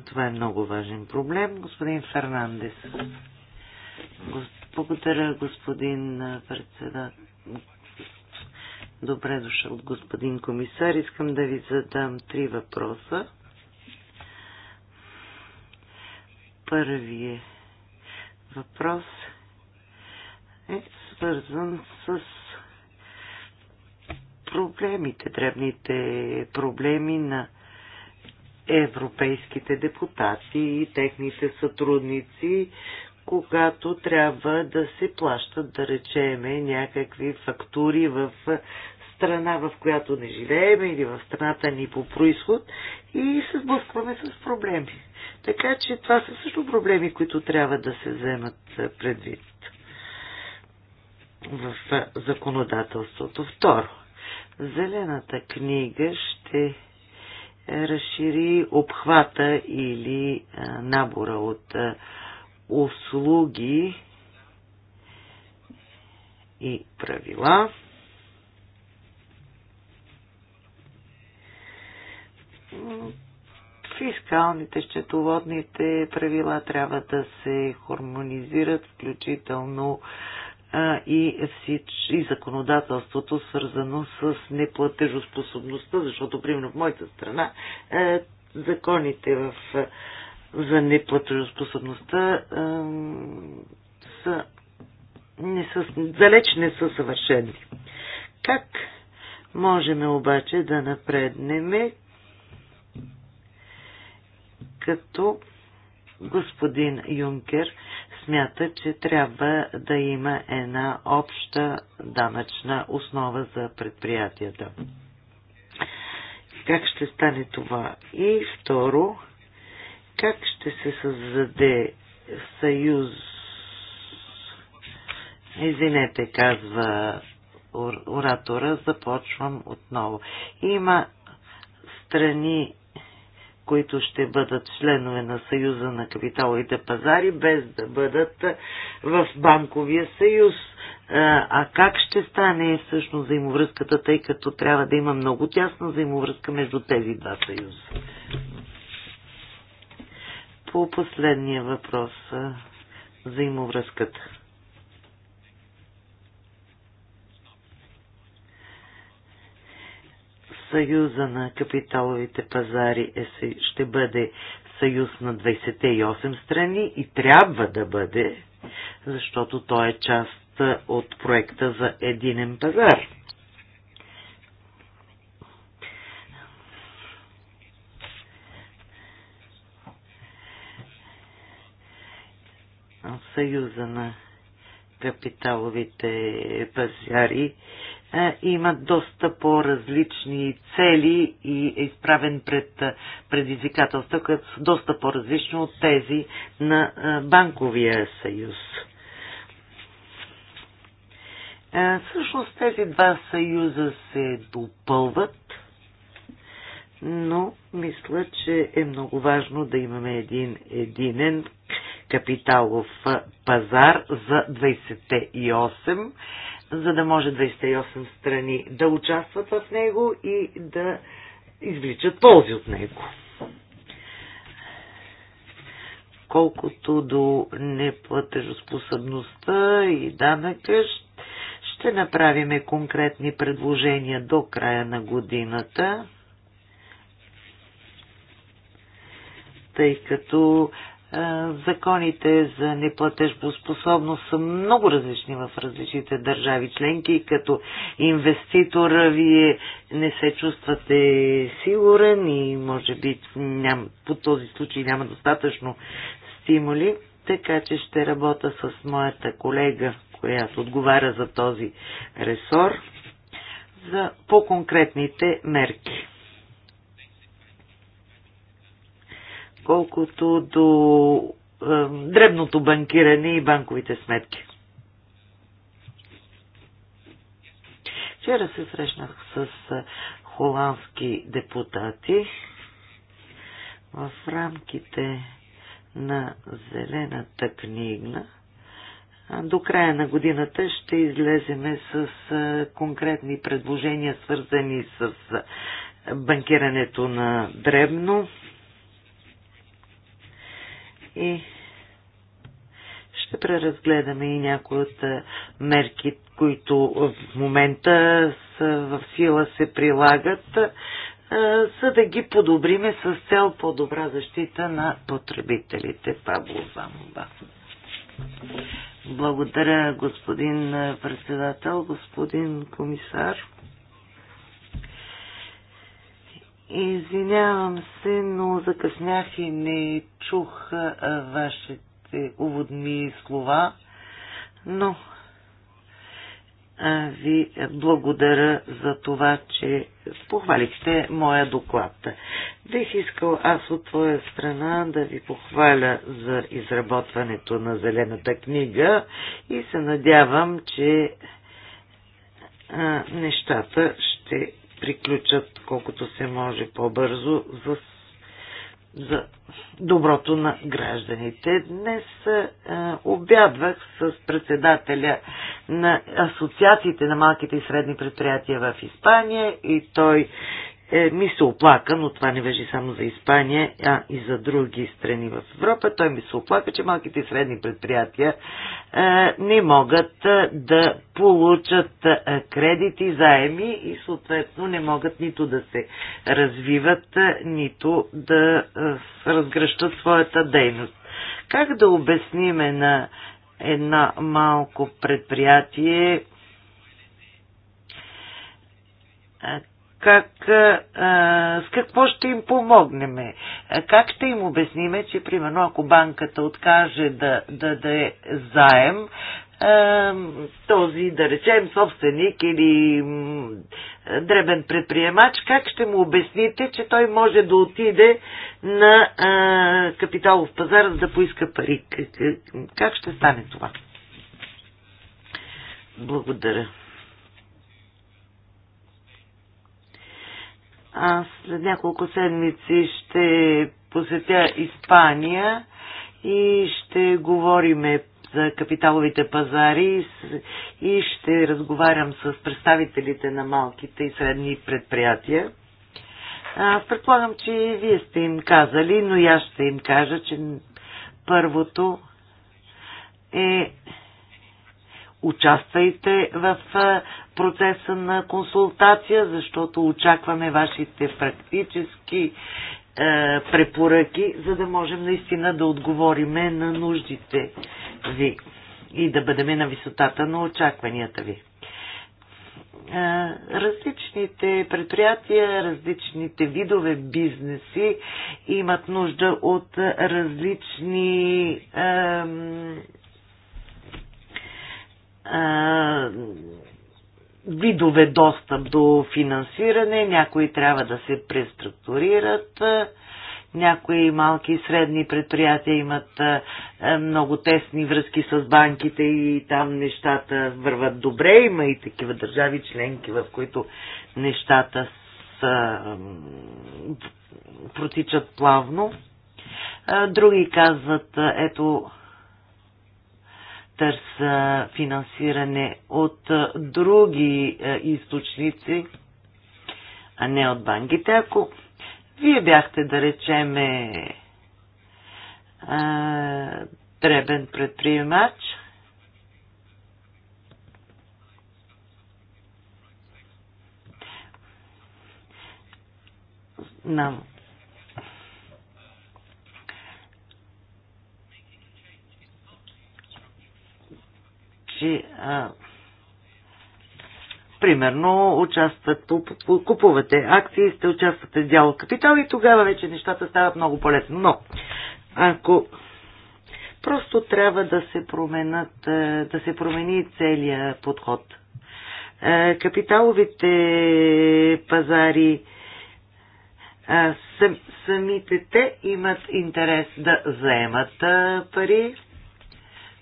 Това е много важен проблем. Господин Фернандес. Господин благодаря, господин председател. Добре дошъл, господин комисар. Искам да ви задам три въпроса. Първият въпрос е свързан с проблемите, древните проблеми на европейските депутати и техните сътрудници, когато трябва да се плащат, да речеме, някакви фактури в страна, в която не живеем или в страната ни по происход и се сблъскваме с проблеми. Така че това са също проблеми, които трябва да се вземат предвид в законодателството. Второ, зелената книга ще разшири обхвата или набора от услуги и правила. Фискалните, счетоводните правила трябва да се хармонизират, включително а, и, всич, и законодателството, свързано с неплатежоспособността, защото, примерно, в моята страна, е, законите в е, за неплатежоспособността са, не са, далеч не са съвършени. Как можем обаче да напреднеме като господин Юнкер смята, че трябва да има една обща данъчна основа за предприятията. Как ще стане това? И второ, как ще се създаде съюз? Извинете, казва оратора, започвам отново. Има страни, които ще бъдат членове на Съюза на капиталовите пазари, без да бъдат в банковия съюз. А как ще стане всъщност взаимовръзката, тъй като трябва да има много тясна взаимовръзка между тези два съюза? по последния въпрос взаимовръзката. Съюза на капиталовите пазари е, ще бъде съюз на 28 страни и трябва да бъде, защото той е част от проекта за единен пазар. Съюза на капиталовите пазари е, има доста по-различни цели и е изправен пред е, предизвикателства, които са доста по-различни от тези на е, банковия съюз. Всъщност тези два съюза се допълват, но мисля, че е много важно да имаме един единен капиталов пазар за 28, за да може 28 страни да участват в него и да извличат ползи от него. Колкото до неплатежоспособността и данъка, ще направиме конкретни предложения до края на годината, тъй като законите за неплатежбоспособност са много различни в различните държави членки и като инвеститор вие не се чувствате сигурен и може би ням, по този случай няма достатъчно стимули, така че ще работя с моята колега, която отговаря за този ресор, за по-конкретните мерки. колкото до е, дребното банкиране и банковите сметки. Вчера се срещнах с е, холандски депутати в рамките на зелената книга. До края на годината ще излеземе с е, конкретни предложения, свързани с е, банкирането на дребно и ще преразгледаме и някои от мерки, които в момента са в сила се прилагат, за да ги подобриме с цел по-добра защита на потребителите. Пабло Замба. Благодаря, господин председател, господин комисар. Извинявам се, но закъснях и не чух вашите уводни слова, но ви благодаря за това, че похвалихте моя доклад. Бих искал аз от твоя страна да ви похваля за изработването на Зелената книга и се надявам, че нещата ще приключат колкото се може по-бързо за, за доброто на гражданите. Днес а, обядвах с председателя на асоциациите на малките и средни предприятия в Испания и той е, ми се оплака, но това не вежи само за Испания, а и за други страни в Европа. Той ми се оплака, че малките и средни предприятия е, не могат е, да получат е, кредити, заеми и съответно не могат нито да се развиват, е, нито да е, разгръщат своята дейност. Как да обясниме на една малко предприятие, как, а, с какво ще им помогнем? Как ще им обясниме, че примерно ако банката откаже да даде да заем, а, този, да речем, собственик или дребен предприемач, как ще му обясните, че той може да отиде на а, капиталов пазар да поиска пари? Как ще стане това? Благодаря. Аз след няколко седмици ще посетя Испания и ще говориме за капиталовите пазари и ще разговарям с представителите на малките и средни предприятия. Аз предполагам, че и вие сте им казали, но и аз ще им кажа, че първото е участвайте в процеса на консултация, защото очакваме вашите практически е, препоръки, за да можем наистина да отговориме на нуждите ви и да бъдем на висотата на очакванията ви. Е, различните предприятия, различните видове бизнеси имат нужда от различни видове достъп до финансиране, някои трябва да се преструктурират, някои малки и средни предприятия имат много тесни връзки с банките и там нещата върват добре. Има и такива държави членки, в които нещата са, протичат плавно. Други казват, ето, търса финансиране от други източници, а не от банките. Ако вие бяхте, да речеме, дребен предприемач, нам Значи, а, примерно, участват, купувате акции, сте участвате в дял капитал и тогава вече нещата стават много по-лесно. Но, ако просто трябва да се променят, да се промени целият подход. Капиталовите пазари самите те имат интерес да заемат пари,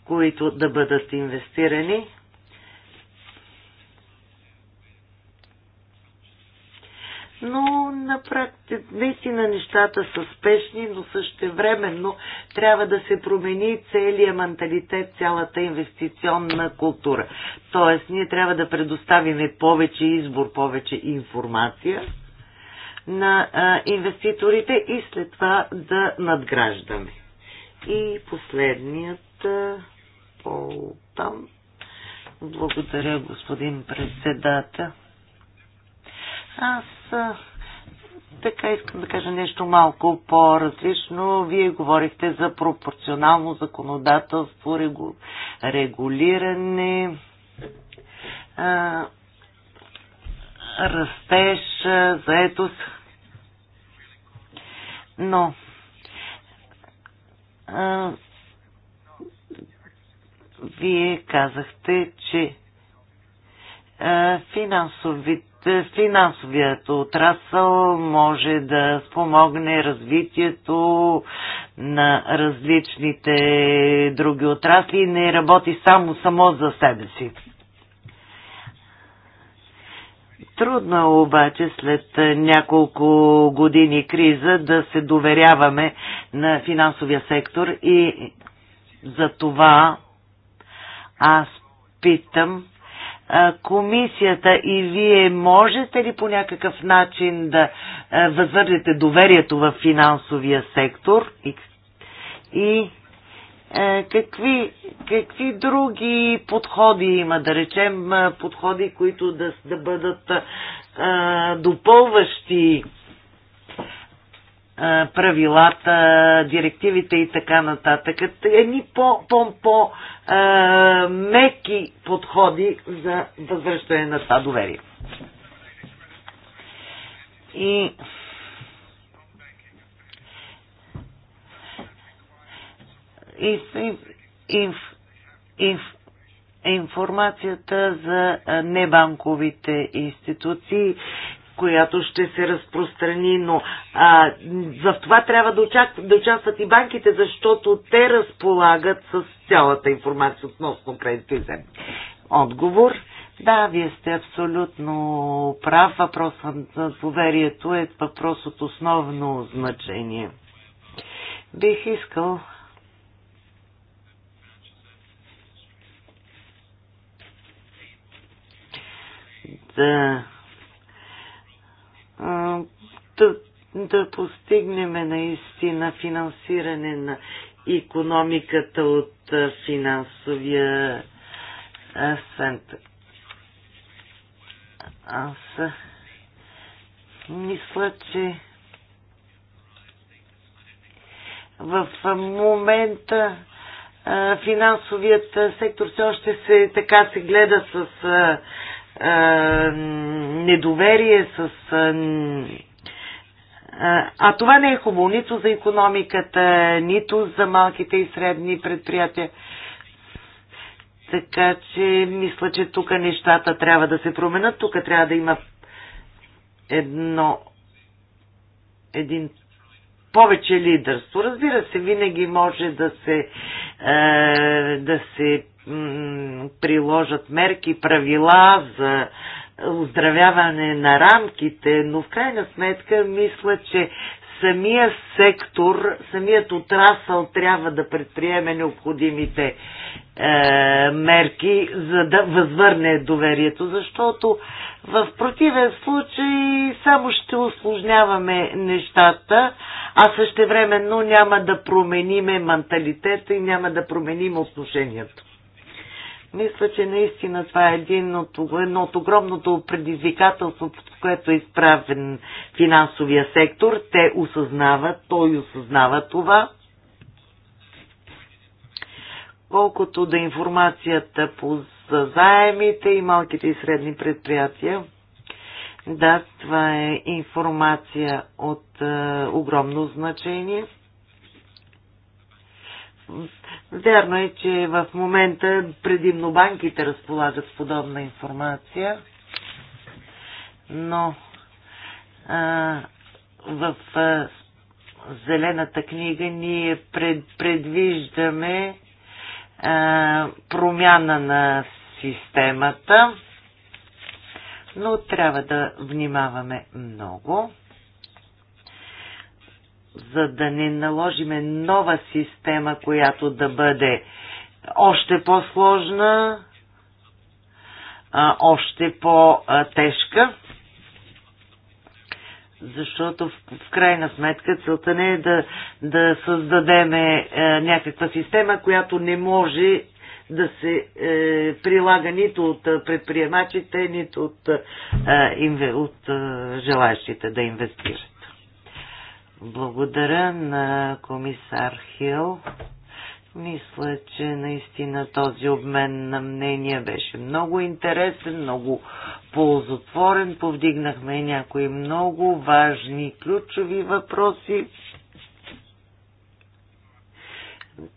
които да бъдат инвестирани. Но на практика, наистина нещата са спешни, но същевременно трябва да се промени целият менталитет, цялата инвестиционна култура. Тоест, ние трябва да предоставим повече избор, повече информация на а, инвеститорите и след това да надграждаме. И последният а, Европол там. Благодаря, господин председател. Аз така искам да кажа нещо малко по-различно. Вие говорихте за пропорционално законодателство, регу... регулиране, а... растеж, заетост. Но а... Вие казахте, че финансовият отрасъл може да спомогне развитието на различните други отрасли и не работи само само за себе си. Трудно е обаче след няколко години криза да се доверяваме на финансовия сектор и за това аз питам, комисията и вие можете ли по някакъв начин да възвърнете доверието в финансовия сектор и, и какви, какви други подходи има, да речем подходи, които да, да бъдат а, допълващи правилата, директивите и така нататък. Едни по-меки по, по, подходи за възвръщане на това доверие. И и, и, и, и, информацията за небанковите институции която ще се разпространи, но а, за това трябва да, очакват, да участват и банките, защото те разполагат с цялата информация относно кредито и Отговор. Да, вие сте абсолютно прав. Въпросът за доверието е въпрос от основно значение. Бих искал да да, да постигнем наистина финансиране на економиката от финансовия център. Аз мисля, че в момента финансовият сектор все още се, така се гледа с недоверие, с. А това не е хубаво нито за економиката, нито за малките и средни предприятия. Така че мисля, че тук нещата трябва да се променят. Тук трябва да има едно, един повече лидерство. Разбира се, винаги може да се, е, да се приложат мерки, правила за оздравяване на рамките, но в крайна сметка мисля, че самия сектор, самият отрасъл трябва да предприеме необходимите е, мерки, за да възвърне доверието, защото в противен случай само ще осложняваме нещата, а същевременно няма да промениме менталитета и няма да променим отношението. Мисля, че наистина това е един от, едно от огромното предизвикателство, под което е изправен финансовия сектор. Те осъзнават, той осъзнава това – колкото да информацията по заемите и малките и средни предприятия. Да, това е информация от е, огромно значение. Вярно е, че в момента предимно банките разполагат с подобна информация, но е, в е, Зелената книга ние пред, предвиждаме е, промяна на системата, но трябва да внимаваме много, за да не наложиме нова система, която да бъде още по-сложна, още по-тежка защото в, в крайна сметка целта не е да, да създадеме е, някаква система, която не може да се е, прилага нито от е, предприемачите, нито от, е, инве, от е, желаящите да инвестират. Благодаря на комисар Хил. Мисля, че наистина този обмен на мнения беше много интересен, много ползотворен. Повдигнахме някои много важни ключови въпроси.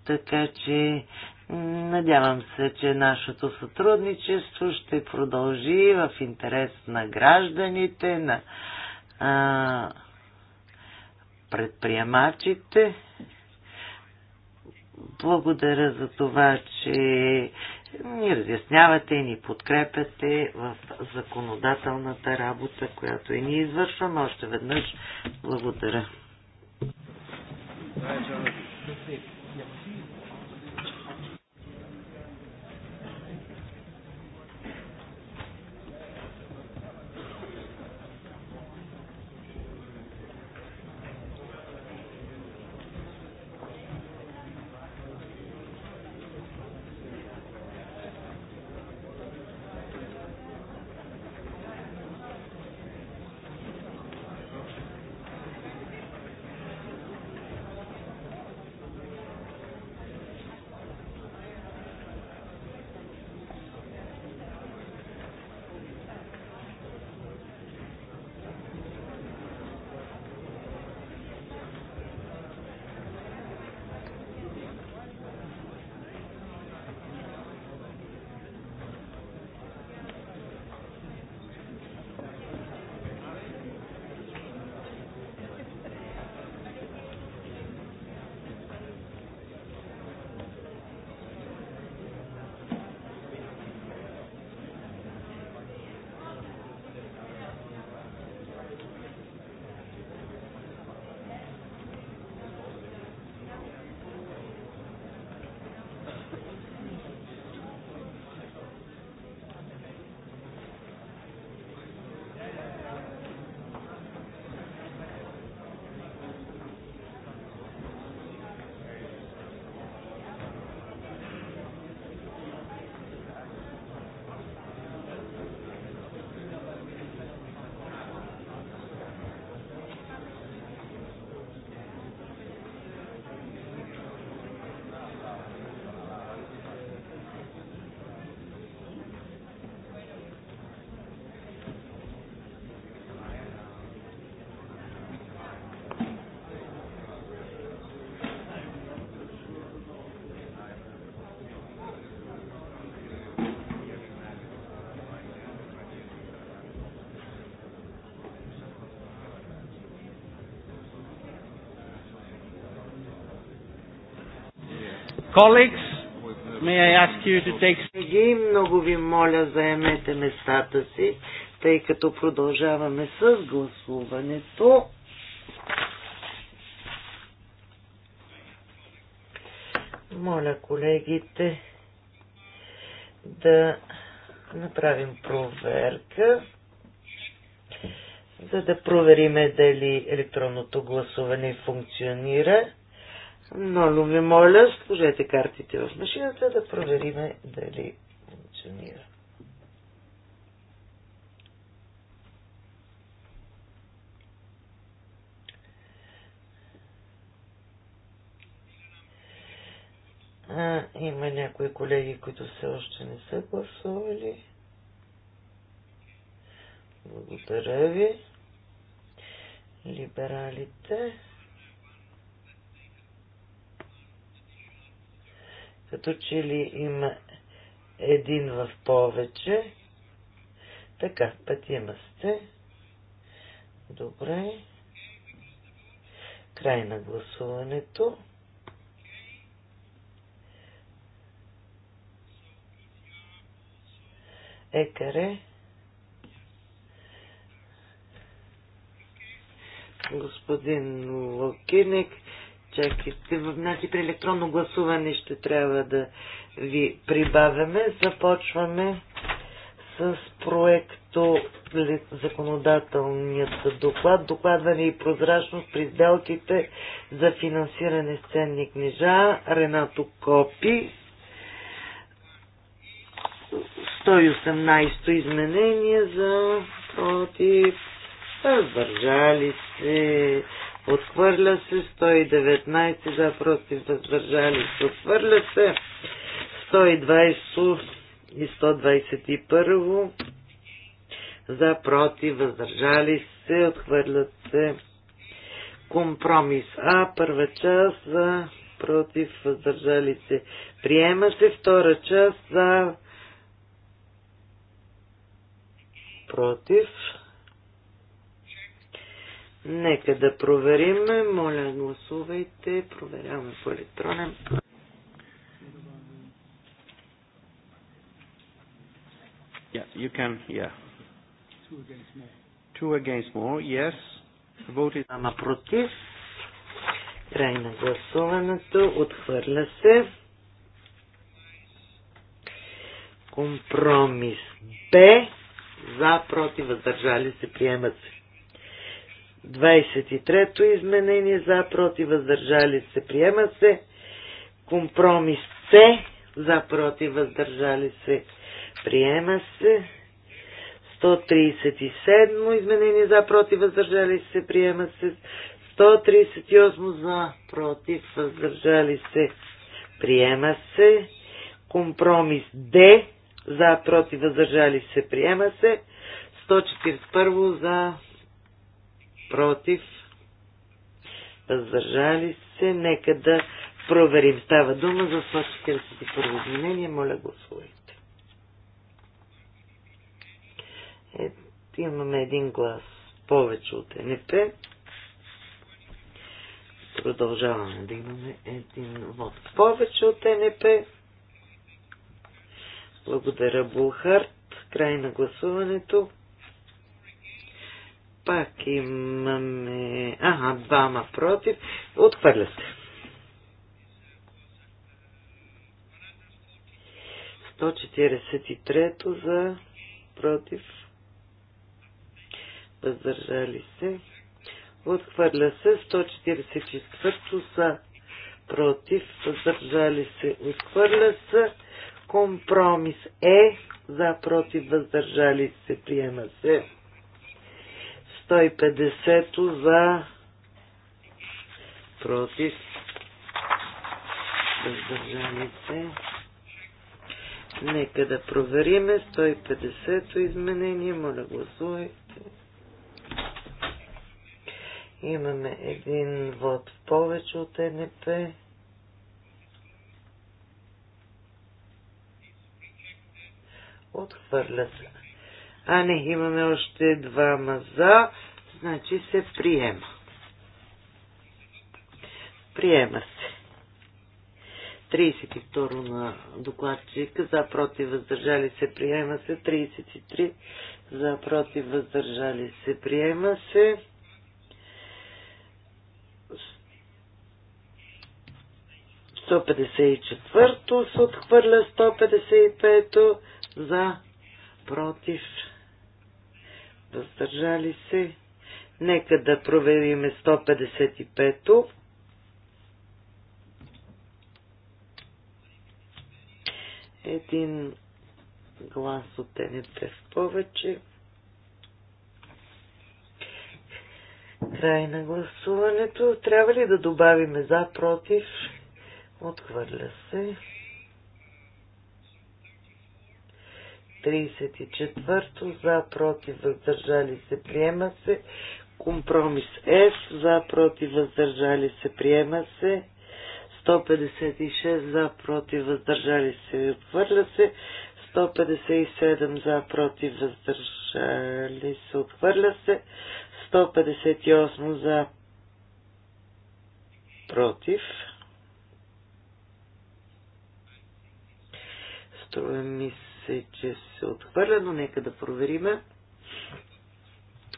Така че надявам се, че нашето сътрудничество ще продължи в интерес на гражданите, на а, предприемачите благодаря за това, че ни разяснявате, и ни подкрепяте в законодателната работа, която и ни извършваме. Още веднъж благодаря. Thank you. Colleagues, may I ask you to take... много ви моля, заемете местата си, тъй като продължаваме с гласуването. Моля колегите да направим проверка, за да провериме дали електронното гласуване функционира. Много ви моля, сложете картите в машината да провериме дали функционира. А, има някои колеги, които все още не са гласували. Благодаря ви. Либералите. Като че ли има един в повече. Така, петима сте. Добре. Край на гласуването. Екаре. Господин Лукиник Чакайте, значи при електронно гласуване ще трябва да ви прибавяме. Започваме с проекто законодателният доклад, докладване и прозрачност при сделките за финансиране с ценни книжа, Ренато Копи, 118 изменение за против, въздържали се, Отхвърля се 119 за против въздържали се. Отхвърля се 120 и 121 за против въздържали се. Отхвърлят се компромис А, първа част за против въздържали се. Приема се втора част за против Нека да проверим. Моля, гласувайте. Проверяваме по електронен. Yeah, you can, yeah. Two against more. Two against more, yes. Ама против. Край на гласуването. Отхвърля се. Компромис Б. За, против, въздържали се, приемат се. 23-то изменение за, против, въздържали се, приема се. Компромис С, за, против, въздържали се, приема се. 137 изменение за, против, въздържали се, приема се. 138 за, против, въздържали се, приема се. Компромис Д, за, против, въздържали се, приема се. 141 за, против, въздържали се. Нека да проверим. Става дума за 141 изменение. Моля, гласувайте. Е, имаме един глас повече от НП. Продължаваме да имаме един вод повече от НП. Благодаря, Булхарт. Край на гласуването. Пак имаме... Ага, двама против. Отхвърля се. 143-то за против. Въздържали се. Отхвърля се. 144-то за против. Въздържали се. Отхвърля се. Компромис е за против. Въздържали се. Приема се. 150 за против въздържаните. Нека да провериме 150-то изменение. Моля гласувайте. Имаме един вод повече от НП. Отхвърля се. А не, имаме още двама за. Значи се приема. Приема се. 32 на докладчика за против въздържали се приема се. 33 за против въздържали се приема се. 154 се отхвърля 155 за против въздържали се. Нека да проверим 155-то. Един глас от НП в повече. Край на гласуването. Трябва ли да добавим за, против? Отхвърля се. 34 за, против, въздържали се, приема се. Компромис F за, против, въздържали се, приема се. 156 за, против, въздържали се, отхвърля се. 157 за, против, въздържали се, отхвърля се. 158 за, против. Струва ми се, че се отхвърля, но нека да провериме.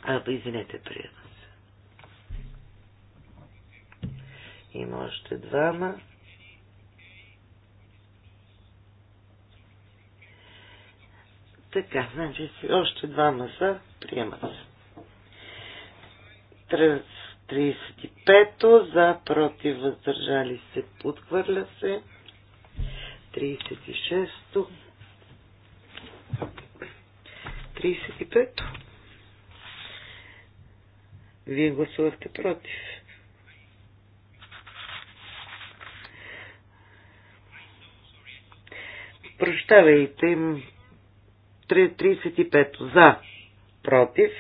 А, извинете, приема се. Има още двама. Така, значи си още двама са, приема се. 35-то, за, против, въздържали се, подхвърля се. 36-то, 35. Вие гласувахте против. Прощавайте им 35 за, против,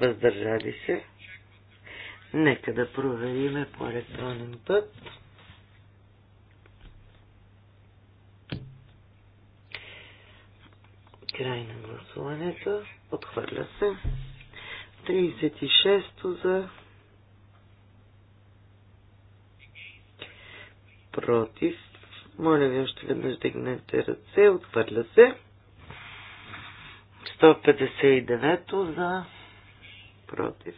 въздържали се. Нека да провериме по електронен път. Край на гласуването. Отхвърля се. 36-то за против. Моля ви още веднъж дигнете ръце. Отхвърля се. 159-то за против.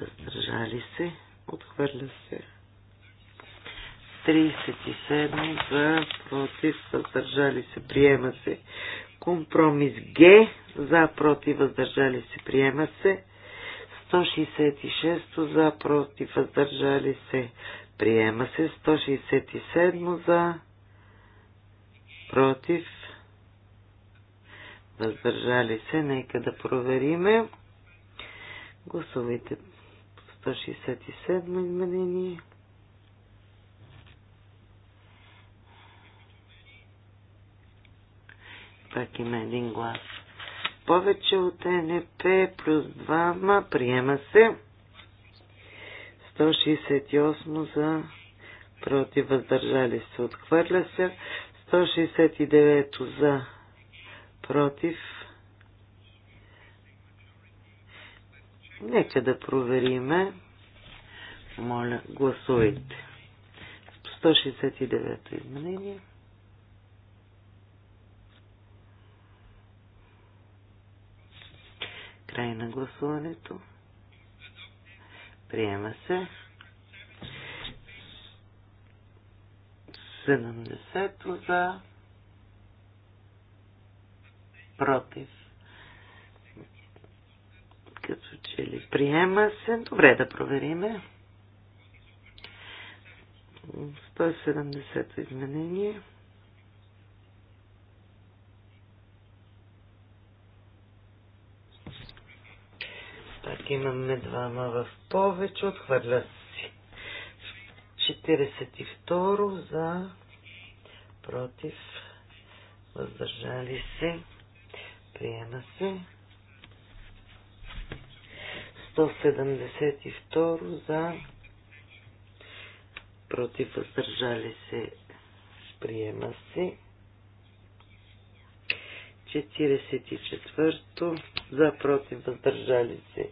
Въздържали се. Отхвърля се. 37 за против, въздържали се, приема се. Компромис Г за против, въздържали се, приема се. 166 за против, въздържали се, приема се. 167 за против, въздържали се. Нека да провериме. Гласувайте 167 изменение. пак има един глас. Повече от НП плюс 2, ма приема се. 168 за против въздържали се, отхвърля се. 169 за против. Нека да провериме. Моля, гласувайте. 169 изменение. Край на гласуването. Приема се. 70 за. Против. Като че ли приема се. Добре да провериме. 170 изменение. имаме двама в повече, отхвърля си. 42 за против, въздържали се, приема се. 172 за против, въздържали се, приема се. 44 за против, въздържали се,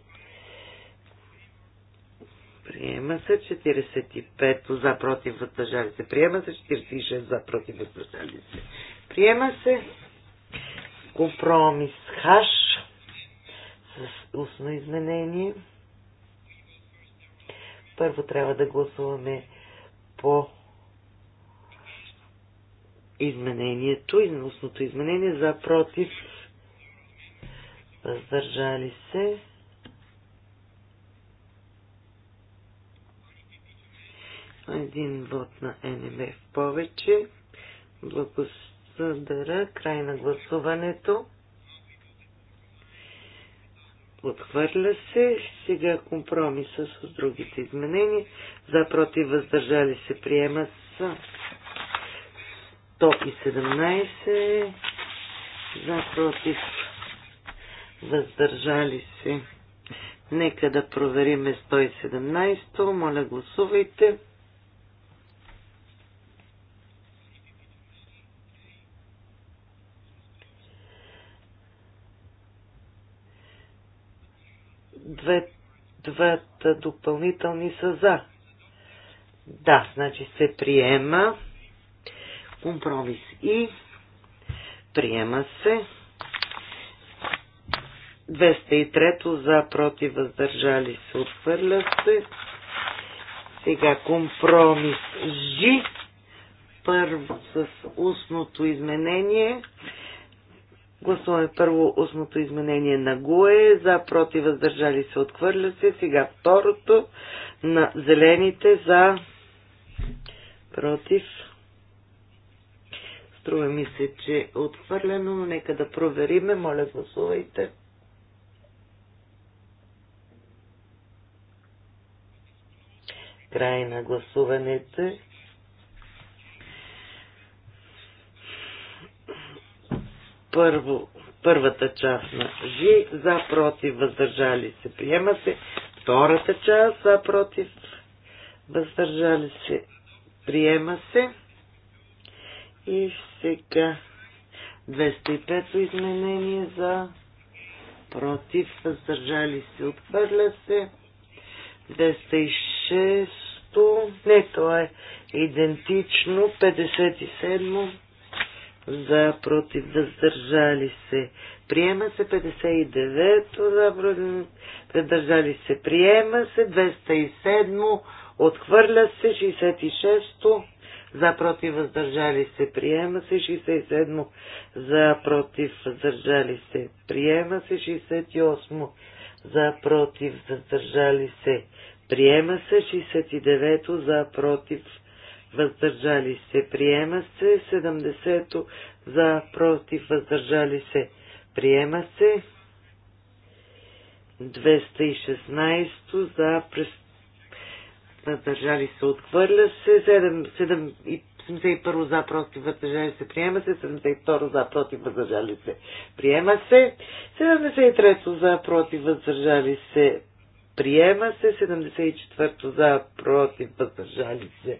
Приема се 45 за против въздържали се. Приема се 46 за против въздържали се. Приема се компромис хаш с устно изменение. Първо трябва да гласуваме по изменението, устното изменение за против въздържали се. Един вод на НМ в повече. Благодаря. Край на гласуването. Отхвърля се. Сега компромиса с другите изменения. За против въздържали се приема с 117. За против въздържали се. Нека да провериме 117. Моля гласувайте. две, двата допълнителни са за. Да, значи се приема компромис и приема се 203 за против въздържали се отвърля се. Сега компромис Ж първо с устното изменение Гласуваме първо устното изменение на ГУЕ, за, против, въздържали се, отхвърля се. Сега второто на зелените, за, против. Струва ми се, че е отхвърлено, но нека да провериме. Моля, гласувайте. Край на гласуването. Първо, първата част на Жи, за, против, въздържали се, приема се. Втората част, за, против, въздържали се, приема се. И сега 205 то изменение за против, въздържали се, отвърля се. 206, не, то е идентично, 57 за против въздържали се. Приема се 59-то за против въздържали се. Приема се 207-то. Отхвърля се 66-то. За против въздържали се. Приема се 67-то. За против въздържали се. Приема се 68-то. За против въздържали се. Приема се 69-то. За против въздържали се въздържали се, приема се. 70 за, против, въздържали се, приема се. 216 за, въздържали се, отхвърля се. 7, 7 71 за против въздържали се приема се, 72 за против въздържали се приема се, 73 за против въздържали се приема се, 74 за против въздържали се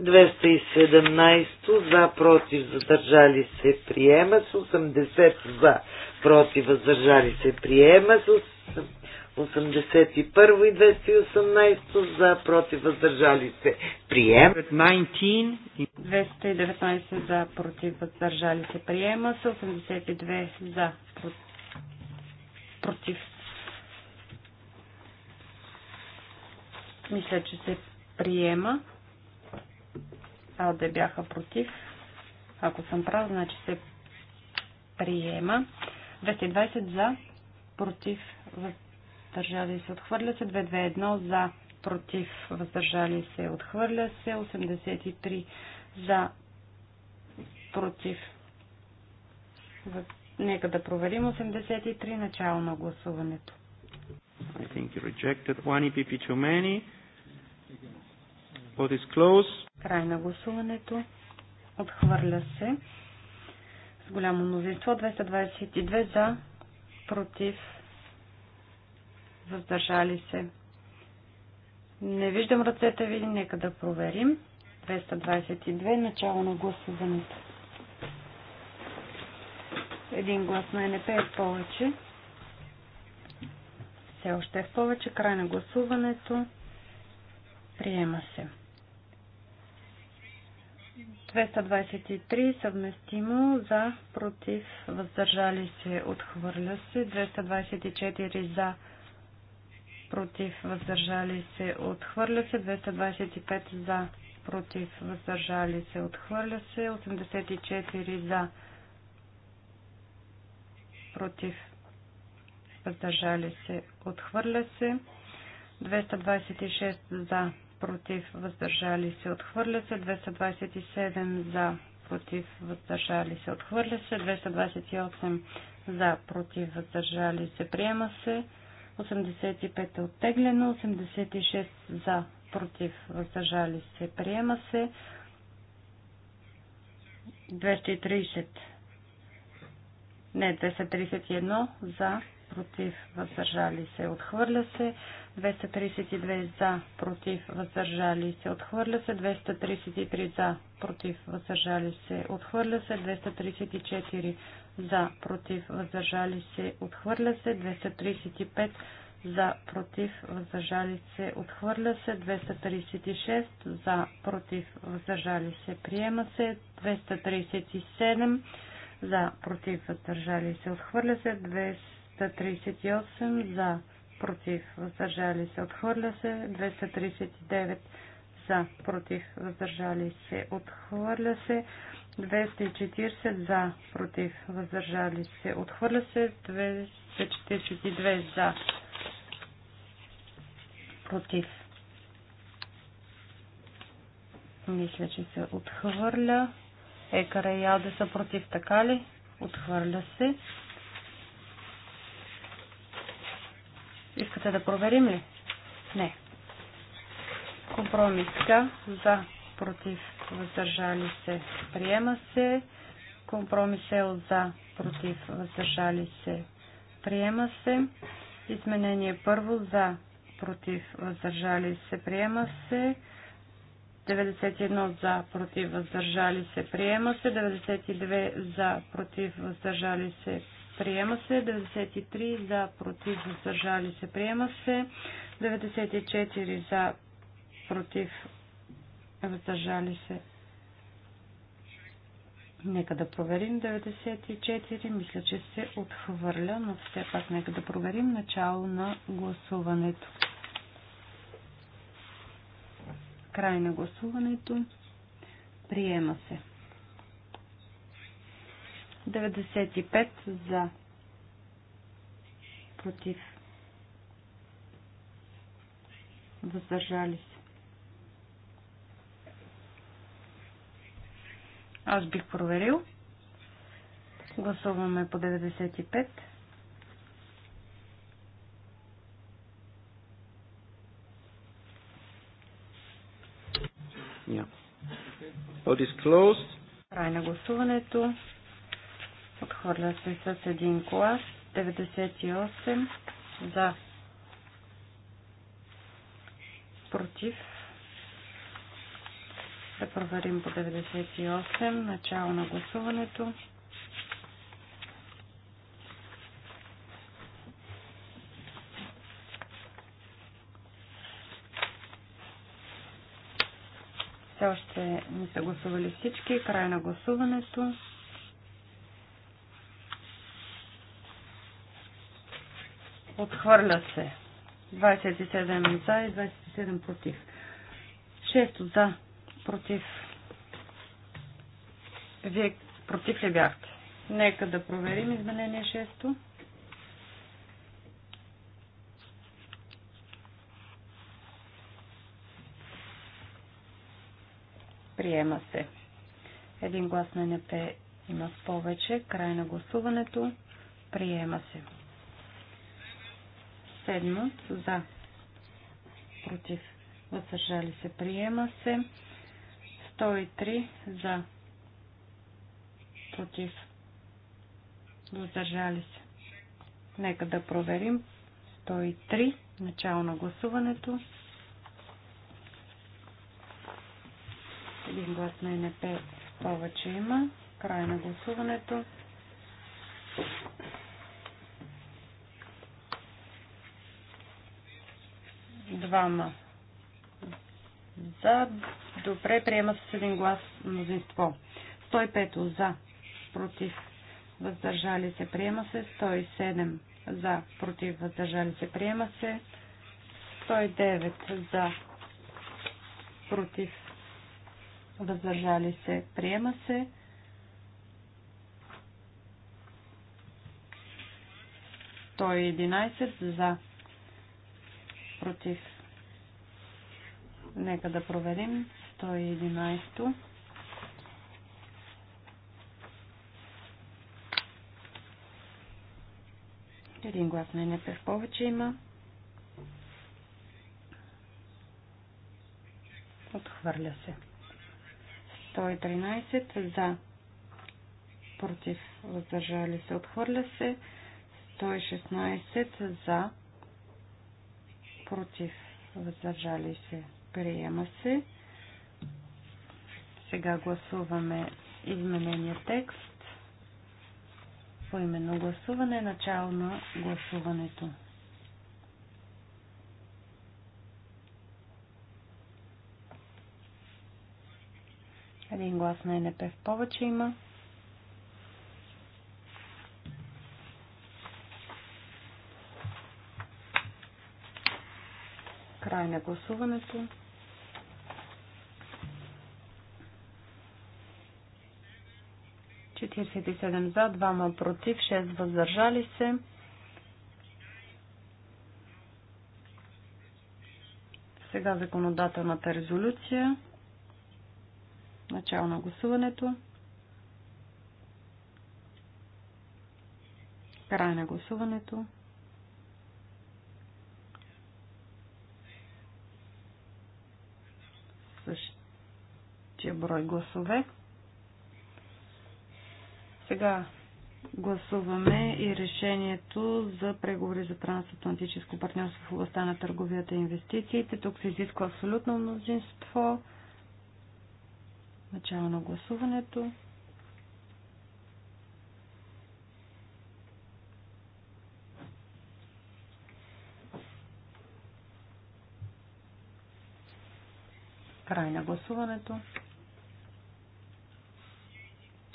217 за, против, задържали се, приема с 80 за, против, въздържали се, приема с 81 и 218 за, против, въздържали се, приема. 219 за, против, въздържали се, приема с 82 за, против. Мисля, че се приема. АЛДЕ бяха против. Ако съм прав, значи се приема. 220 за, против, въздържали се, отхвърля се. 221 за, против, въздържали се, отхвърля се. 83 за, против. Нека да проверим 83 начало на гласуването. I think you rejected one EPP too many. Vote is closed. Край на гласуването. Отхвърля се. С голямо мнозинство 222 за, против, въздържали се. Не виждам ръцете ви, нека да проверим. 222, начало на гласуването. Един глас на НП е повече. Все още е в повече. Край на гласуването. Приема се. 223 съвместимо за, против, въздържали се, отхвърля се. 224 за, против, въздържали се, отхвърля се. 225 за, против, въздържали се, отхвърля се. 84 за, против, въздържали се, отхвърля се. 226 за, против, въздържали се, отхвърля се. 227 за, против, въздържали се, отхвърля се. 228 за, против, въздържали се, приема се. 85 е оттеглено, 86 за, против, въздържали се, приема се. 230. Не, 231 за, против, въздържали се, отхвърля се. 232 за, против, въздържали се, отхвърля се. 233 за, против, въздържали се, отхвърля се. 234 за, против, въздържали се, отхвърля се. 235 за, против, въздържали се, отхвърля се, 236, за, против, въздържали се, приема се, 237, за, против, въздържали се, отхвърля се, 238 за, против, въздържали се, отхвърля се. 239 за, против, въздържали се, отхвърля се. 240 за, против, въздържали се, отхвърля се. 242 за, против. Мисля, че се отхвърля. Екара и Алде са против, така ли? Отхвърля се. Искате да проверим ли? Не. Компромис К за против въздържали се приема се. Компромис Л за против въздържали се приема се. Изменение първо за против въздържали се приема се. 91 за против въздържали се приема се. 92 за против въздържали се приема се. 93 за, против, въздържали се, приема се. 94 за, против, въздържали се. Нека да проверим 94. Мисля, че се отхвърля, но все пак нека да проверим начало на гласуването. Край на гласуването. Приема се. 95 за. Против. Въздържали се. Аз бих проверил. Гласуваме по 95. Yeah. Vote is closed. Край на гласуването. Отхвърля се с един клас. 98 за. Против. Да проверим по 98. Начало на гласуването. Все още не са гласували всички. Край на гласуването. Отхвърля се. 27 за и 27 против. 6 за. Против. Вие против ли бяхте? Нека да проверим изменение 6. Приема се. Един глас на НП има повече. Край на гласуването. Приема се. Седмо за. Против. Въздържали се. Приема се. 103 за. Против. Въздържали се. Нека да проверим. 103. Начало на гласуването. Един глас на НП повече има. Край на гласуването. двама. За. Добре, приема с един глас мнозинство. 105 за. Против. Въздържали се. Приема се. 107 за. Против. Въздържали се. Приема се. 109 за. Против. Въздържали се. Приема се. 111 за. Против Нека да проверим. 111. Един глас на НП в повече има. Отхвърля се. 113 за. Против. Въздържали се. Отхвърля се. 116 за. Против. Въздържали се. Приема се. Сега гласуваме изменения текст. По именно гласуване. Начало на гласуването. Един глас на НП в повече има. гласуването. Четиридесет и седем за, против, 6. въздържали се. Сега законодателната резолюция. Начало на гласуването. Край на гласуването. същия брой гласове. Сега гласуваме и решението за преговори за трансатлантическо партньорство в областта на търговията и инвестициите. Тук се изисква абсолютно мнозинство. Начало на гласуването. Край на гласуването.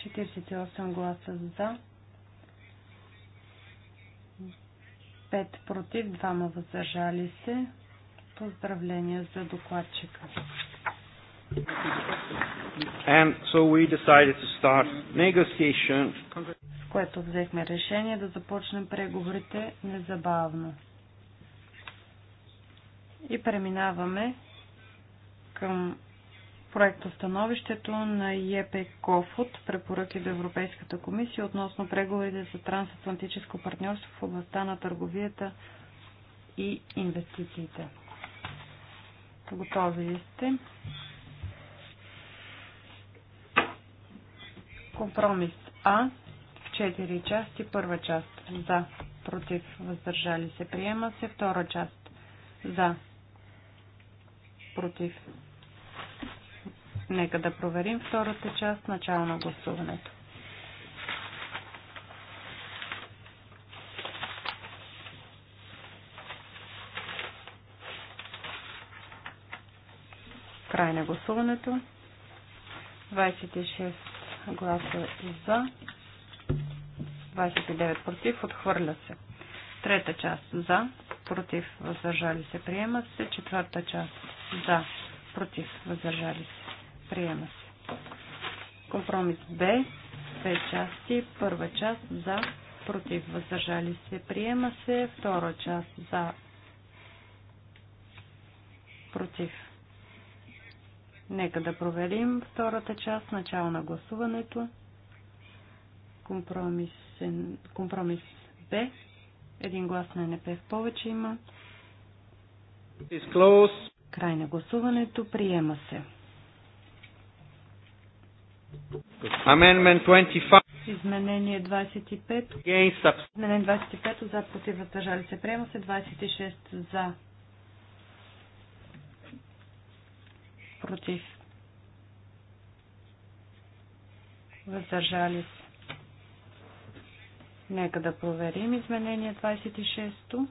48 гласа за, 5 против, 2 въздържали се. Поздравления за докладчика. And so we decided to start negotiation. С което взехме решение да започнем преговорите незабавно. И преминаваме към становището на ЕП КОФОД препоръки до Европейската комисия относно преговорите за трансатлантическо партньорство в областта на търговията и инвестициите. Готови ли сте? Компромис А в 4 части. Първа част за, против, въздържали се, приема се. Втора част за, против, Нека да проверим втората част, начало на гласуването. Край на гласуването. 26 гласа за, 29 против, отхвърля се. Трета част за, против, въздържали се, приема се. Четвърта част за, против, въздържали Приема се. Компромис Б. Две части. Първа част за. Против. Въздържали се. Приема се. Втора част за. Против. Нека да проверим втората част. Начало на гласуването. Компромис, компромис Б. Един глас на НП в повече има. Край на гласуването. Приема се. Amendment 25. Изменение 25. Against. Изменение 25 за против въздържали се. Приема се 26 за. Против. Въздържали се. Нека да проверим изменение 26.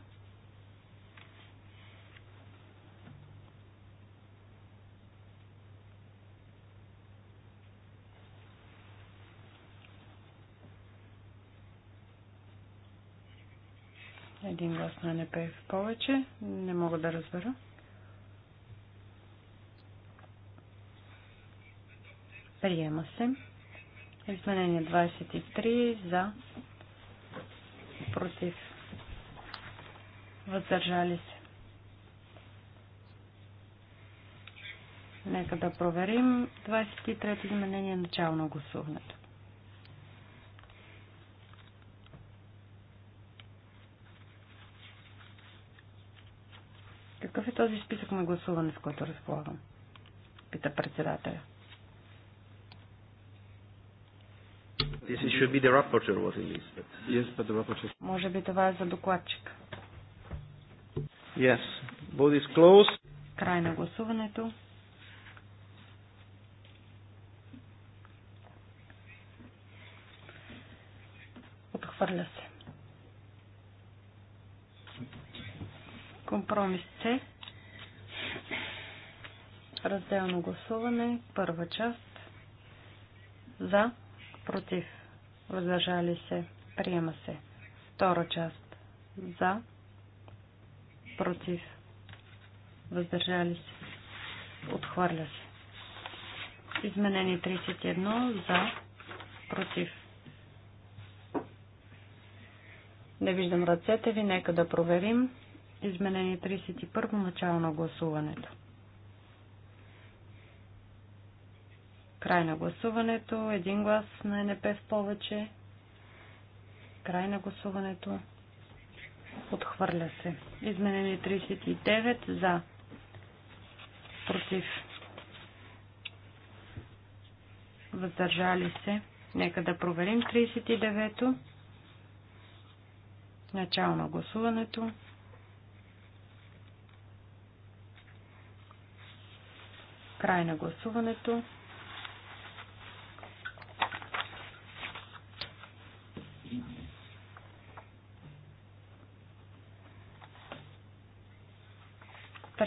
Един глас на НП в повече. Не мога да разбера. Приема се. Изменение 23 за против. Въздържали се. Нека да проверим 23-то изменение начало на гласуването. този списък на гласуване, с който разполагам? Пита председателя. Rapporteur, yes, rapporteur... Може би това е за докладчик. Yes. Vote is closed. Край на гласуването. Отхвърля се. Компромис С. Разделно гласуване. Първа част. За. Против. Въздържали се. Приема се. Втора част. За. Против. Въздържали се. Отхвърля се. Изменение 31. За. Против. Не виждам ръцете ви. Нека да проверим. Изменение 31. Начало на гласуването. Край на гласуването. Един глас на НП в повече. Край на гласуването. Отхвърля се. Изменени 39 за. Против. Въздържали се. Нека да проверим 39-то. Начало на гласуването. Край на гласуването.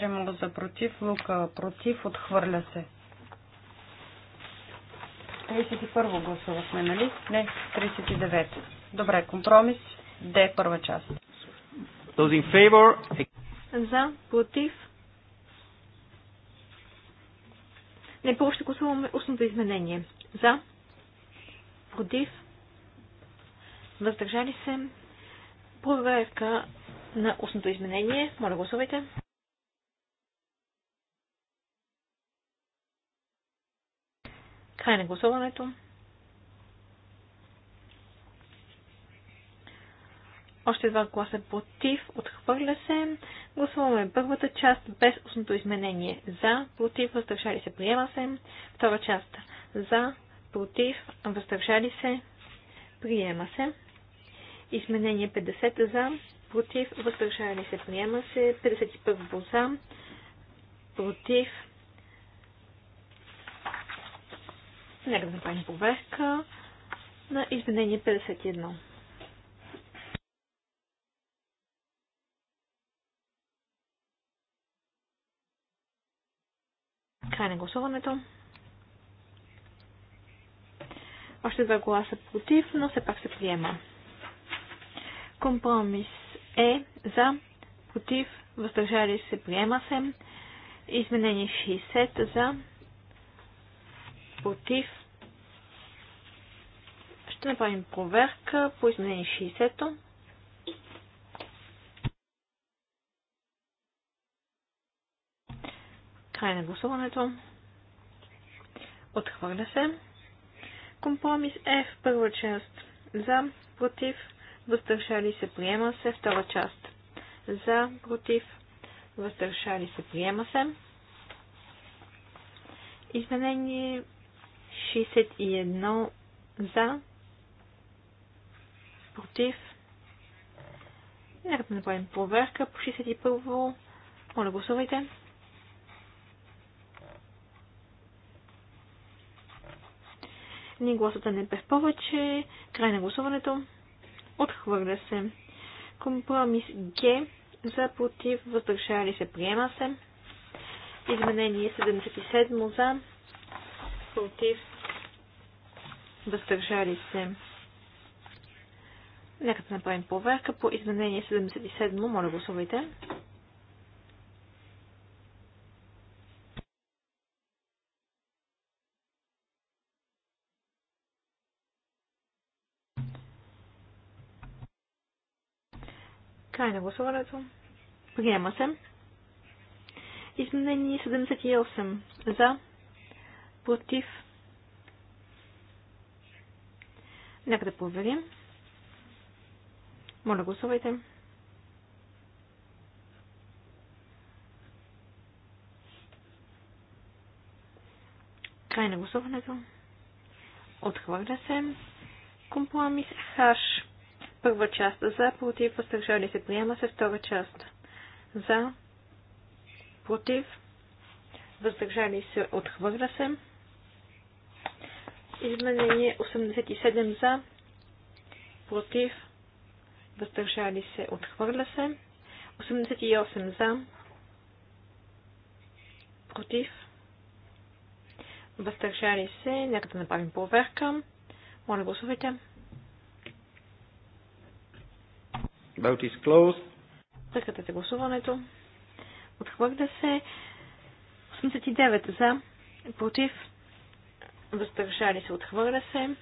го за против. Лука против. Отхвърля се. 31 гласувахме, нали? Не, 39. Добре, компромис. Д, първа част. Those in favor... За, против. Не, по ще гласуваме устното изменение. За, против, въздържали се. Проверка на устното изменение. Моля, гласувайте. Край на гласуването. Още два гласа против. Отхвърля се. Гласуваме първата част без устното изменение. За, против, въздържали се, приема се. Втора част. За, против, въздържали се, приема се. Изменение 50 за, против, въздържали се, приема се. 51 за, против, Нека да направим проверка на изменение 51. Край на гласуването. Още два гласа против, но все пак се приема. Компромис е за, против, въздържали се, приема се. Изменение 60 за, против, ще направим проверка по изменение 60-то. Край на гласуването. Отхвърля се. Компромис в първа част. За, против, въздържали се, приема се. Втора част. За, против, въздържали се, приема се. Изменение 61 за, против. Нека да направим проверка по 61-во. Моля, гласувайте. Ни гласата е не без повече. Край на гласуването. Отхвърля се. Компромис Г. За против. Въздържали се. Приема се. Изменение 77 за против. Въздържали се. Нека да направим проверка по изменение 77. Моля, гласувайте. Край на гласуването. Приема се. Изменение 78. За. Против. Нека да проверим. Моля, гласувайте. Край на гласуването. Отхвърля се. Компромис Хаш. Първа част за, против, въздържали се. Приема се втора част. За, против, въздържали се. Отхвърля се. Изменение 87 за, против, въздържали се, отхвърля се. 88 за, против, въздържали се. Нека да направим проверка. Моля, гласувайте. Vote is closed. Прекратете гласуването. Отхвърля се. 89 за, против, въздържали се, отхвърля се.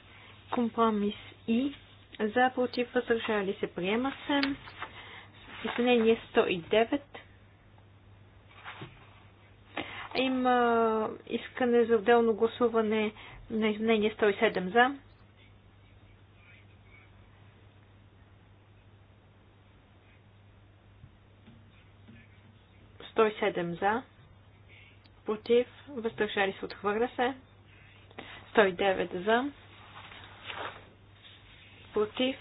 Компромис и за против въздържали се приема се. Изменение 109. Има искане за отделно гласуване на изменение 107 за. Сто седем за, против, въздържали се, отхвърля се, 109 девет за против.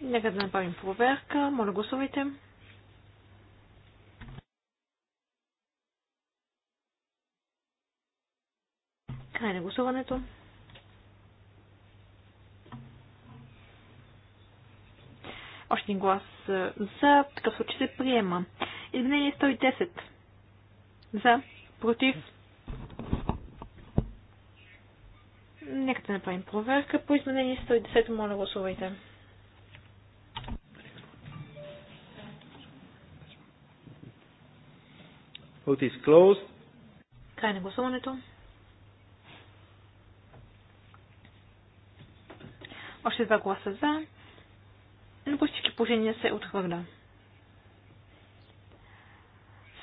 Нека да направим проверка. Моля гласувайте. Край на гласуването. Още един глас за. такъв случай се приема. Изменение 110. За. Против. Нека да направим проверка по изменение 110. Моля, гласувайте. Vote is closed. Край на гласуването. Още два гласа за. Но по всички положения се отхвърля.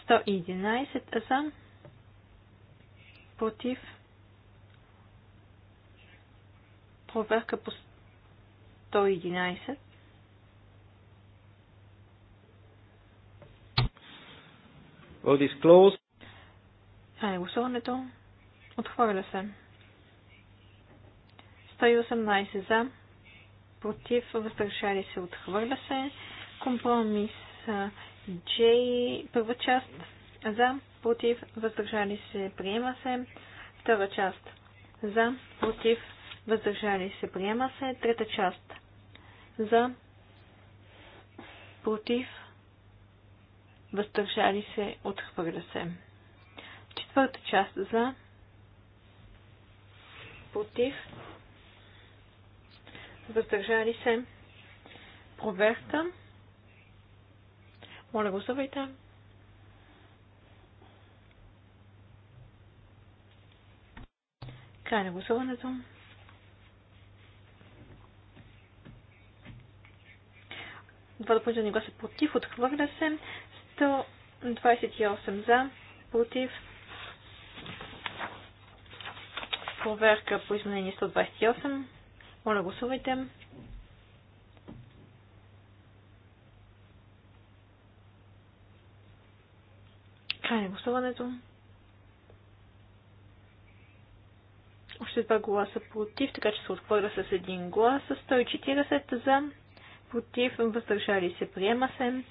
111 за. Против проверка по 111. Vote is closed. Това е гласуването. Отхвърля се. 118 за. Против. Въздържали се. Отхвърля се. Компромис J. Първа част. За. Против. Въздържали се. Приема се. Втора част. За. Против въздържали се, приема се. Трета част за, против, въздържали се, отхвърля се. Четвърта част за, против, въздържали се, проверка. Моля, го гласувайте. Край на гласуването. Два допълнителни гласа против. Отхвърля се. 128 за. Против. Проверка по изменение 128. Моля, гласувайте. Край на гласуването. Още два гласа против, така че се отхвърля с един глас. 140 за против, въздържали се, приема се.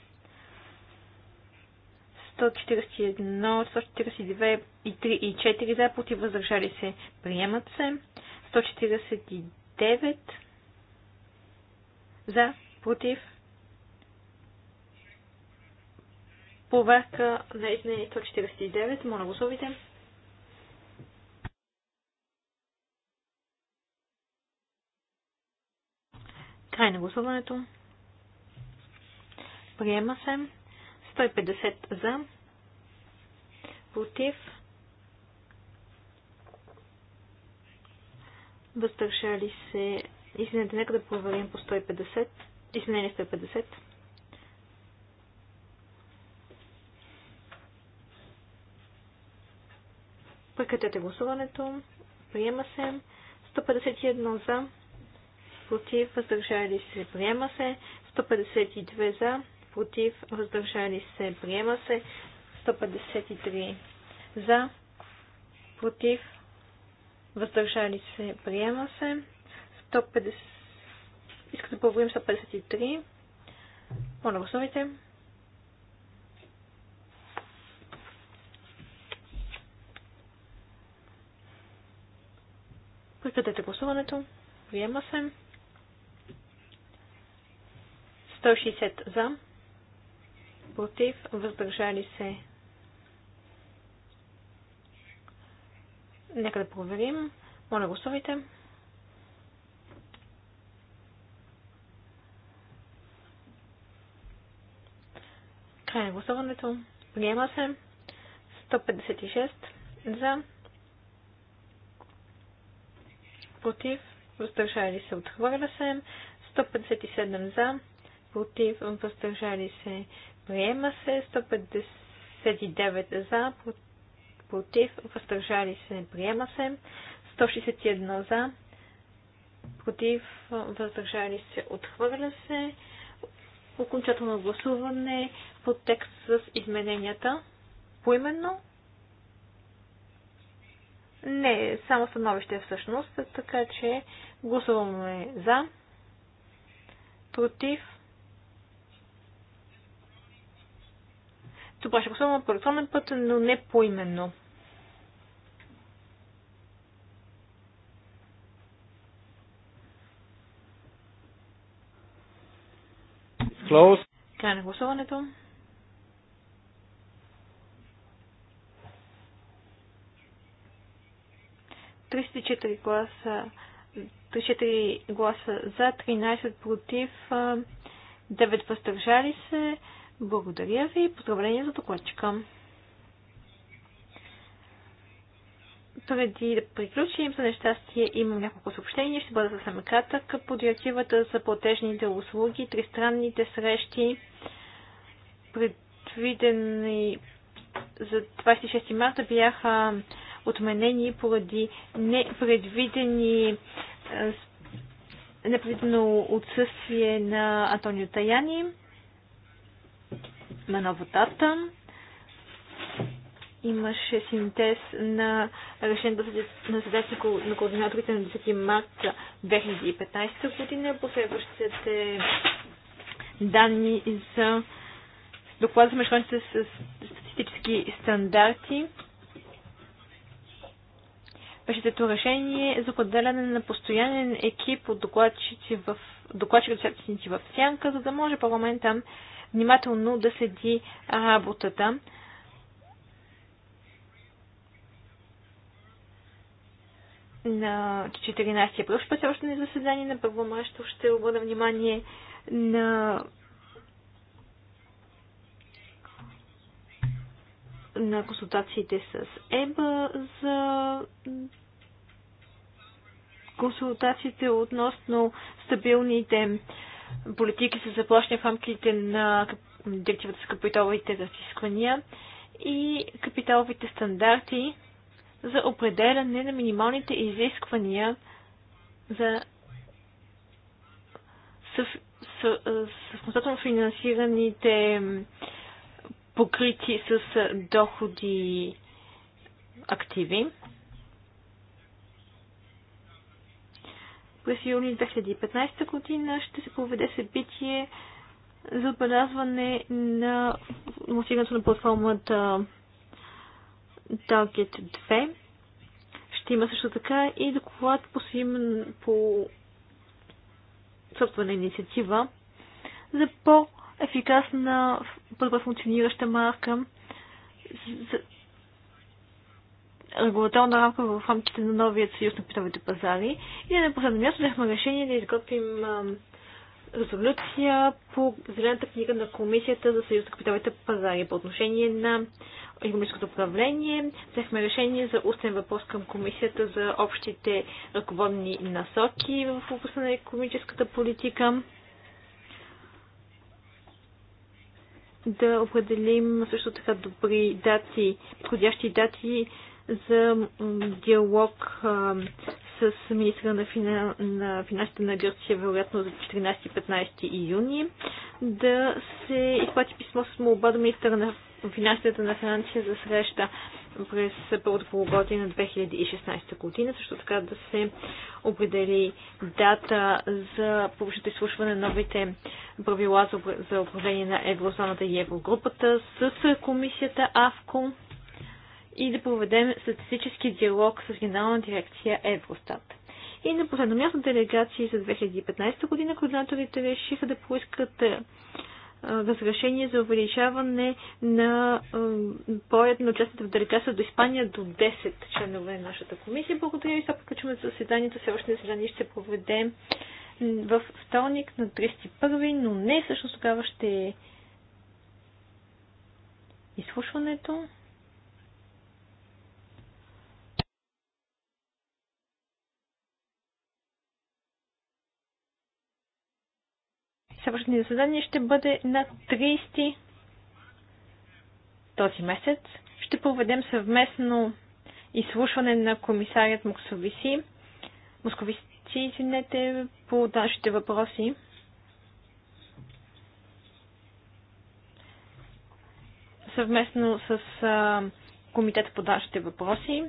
141, 142 и 3 и 4 за, против, въздържали се, приемат се. 149 за, против. Проверка на изменение 149. Моля, гласувайте. Край на гласуването. Приема се. 150 за. Против. Въздържали се. Извинете, нека да проверим по 150. Изменение 150. Прекратете гласуването. Приема се. 151 за против, въздържали се, приема се. 152 за, против, въздържали се, приема се. 153 за, против, въздържали се, приема се. 150... Искам да поговорим 153. Моля, гласувайте. Прекратете гласуването. Приема се. 160 за, против, въздържали се. Нека да проверим. Моля, гласувайте. Край на гласуването. Приема се. 156 за. Против. Въздържали се. Отхвърля се. 157 за против, въздържали се, приема се. 159 за, против, въздържали се, приема се. 161 за, против, въздържали се, отхвърля се. Окончателно гласуване по текст с измененията. Поименно? Не, само становище всъщност, така че гласуваме за, против, Добре, ще гласуваме електронен път, но не поименно. Close. Край на гласуването. четири гласа, 34 гласа за, 13 против, 9 въздържали се. Благодаря ви и поздравление за докладчика. преди да приключим за нещастие, имам няколко съобщения. Ще бъда съвсем кратък. По директивата за платежните услуги, тристранните срещи, предвидени за 26 марта, бяха отменени поради непредвидени е, непредвидено отсъствие на Антонио Таяни на новотата. Имаше синтез на решението на съдеца на координаторите на 10 марта 2015 година. Последващите данни за доклада за международните статистически стандарти. Вещето решение за определяне на постоянен екип от докладчици в докладчици в сянка, за да може парламента внимателно да следи работата. на 14 я Ще бъде още на заседание на първо мащо. Ще обърна внимание на на консултациите с ЕБА за консултациите относно стабилните политики се заплащани в рамките на директивата с капиталовите разисквания и капиталовите стандарти за определяне на минималните изисквания за съвместно финансираните покрити с доходи активи. През юни 2015 година ще се проведе събитие за отбелязване на лансирането на платформата Target 2. Ще има също така и доклад по, по собствена инициатива за по-ефикасна първа функционираща марка регулаторна рамка в рамките на новият съюз на питовите пазари. И на последно място взехме решение да изготвим резолюция по зелената книга на Комисията за съюз на капиталите пазари по отношение на економическото управление. Взехме решение за устен въпрос към Комисията за общите ръководни насоки в областта на економическата политика. Да определим също така добри дати, подходящи дати за диалог с министра на, фина... на финансите на Гърция, вероятно за 14-15 юни, да се изплати писмо с молба до министра на финансите на Франция за среща през първото полугодие на 2016 година, също така да се определи дата за повечето изслушване на новите правила за управление на еврозоната и еврогрупата с комисията АВКО и да проведем статистически диалог с Генерална дирекция Евростат. И на последно място делегации за 2015 година координаторите решиха да поискат разрешение за увеличаване на броят на участите в делегация до Испания до 10 членове на нашата комисия. Благодаря ви, сега приключваме заседанието. Следващото заседание ще проведем в вторник на 31, но не всъщност тогава ще е изслушването. Следващото ни заседание ще бъде на 30 този месец. Ще проведем съвместно изслушване на комисарият Муксовиси. московици, извинете, по нашите въпроси. Съвместно с комитет по нашите въпроси.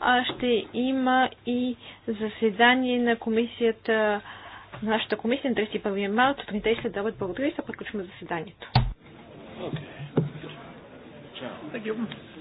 А ще има и заседание на комисията на нашата комисия на 31 марта, сутринта и след обед. Благодаря и се приключваме заседанието. Okay. Thank you.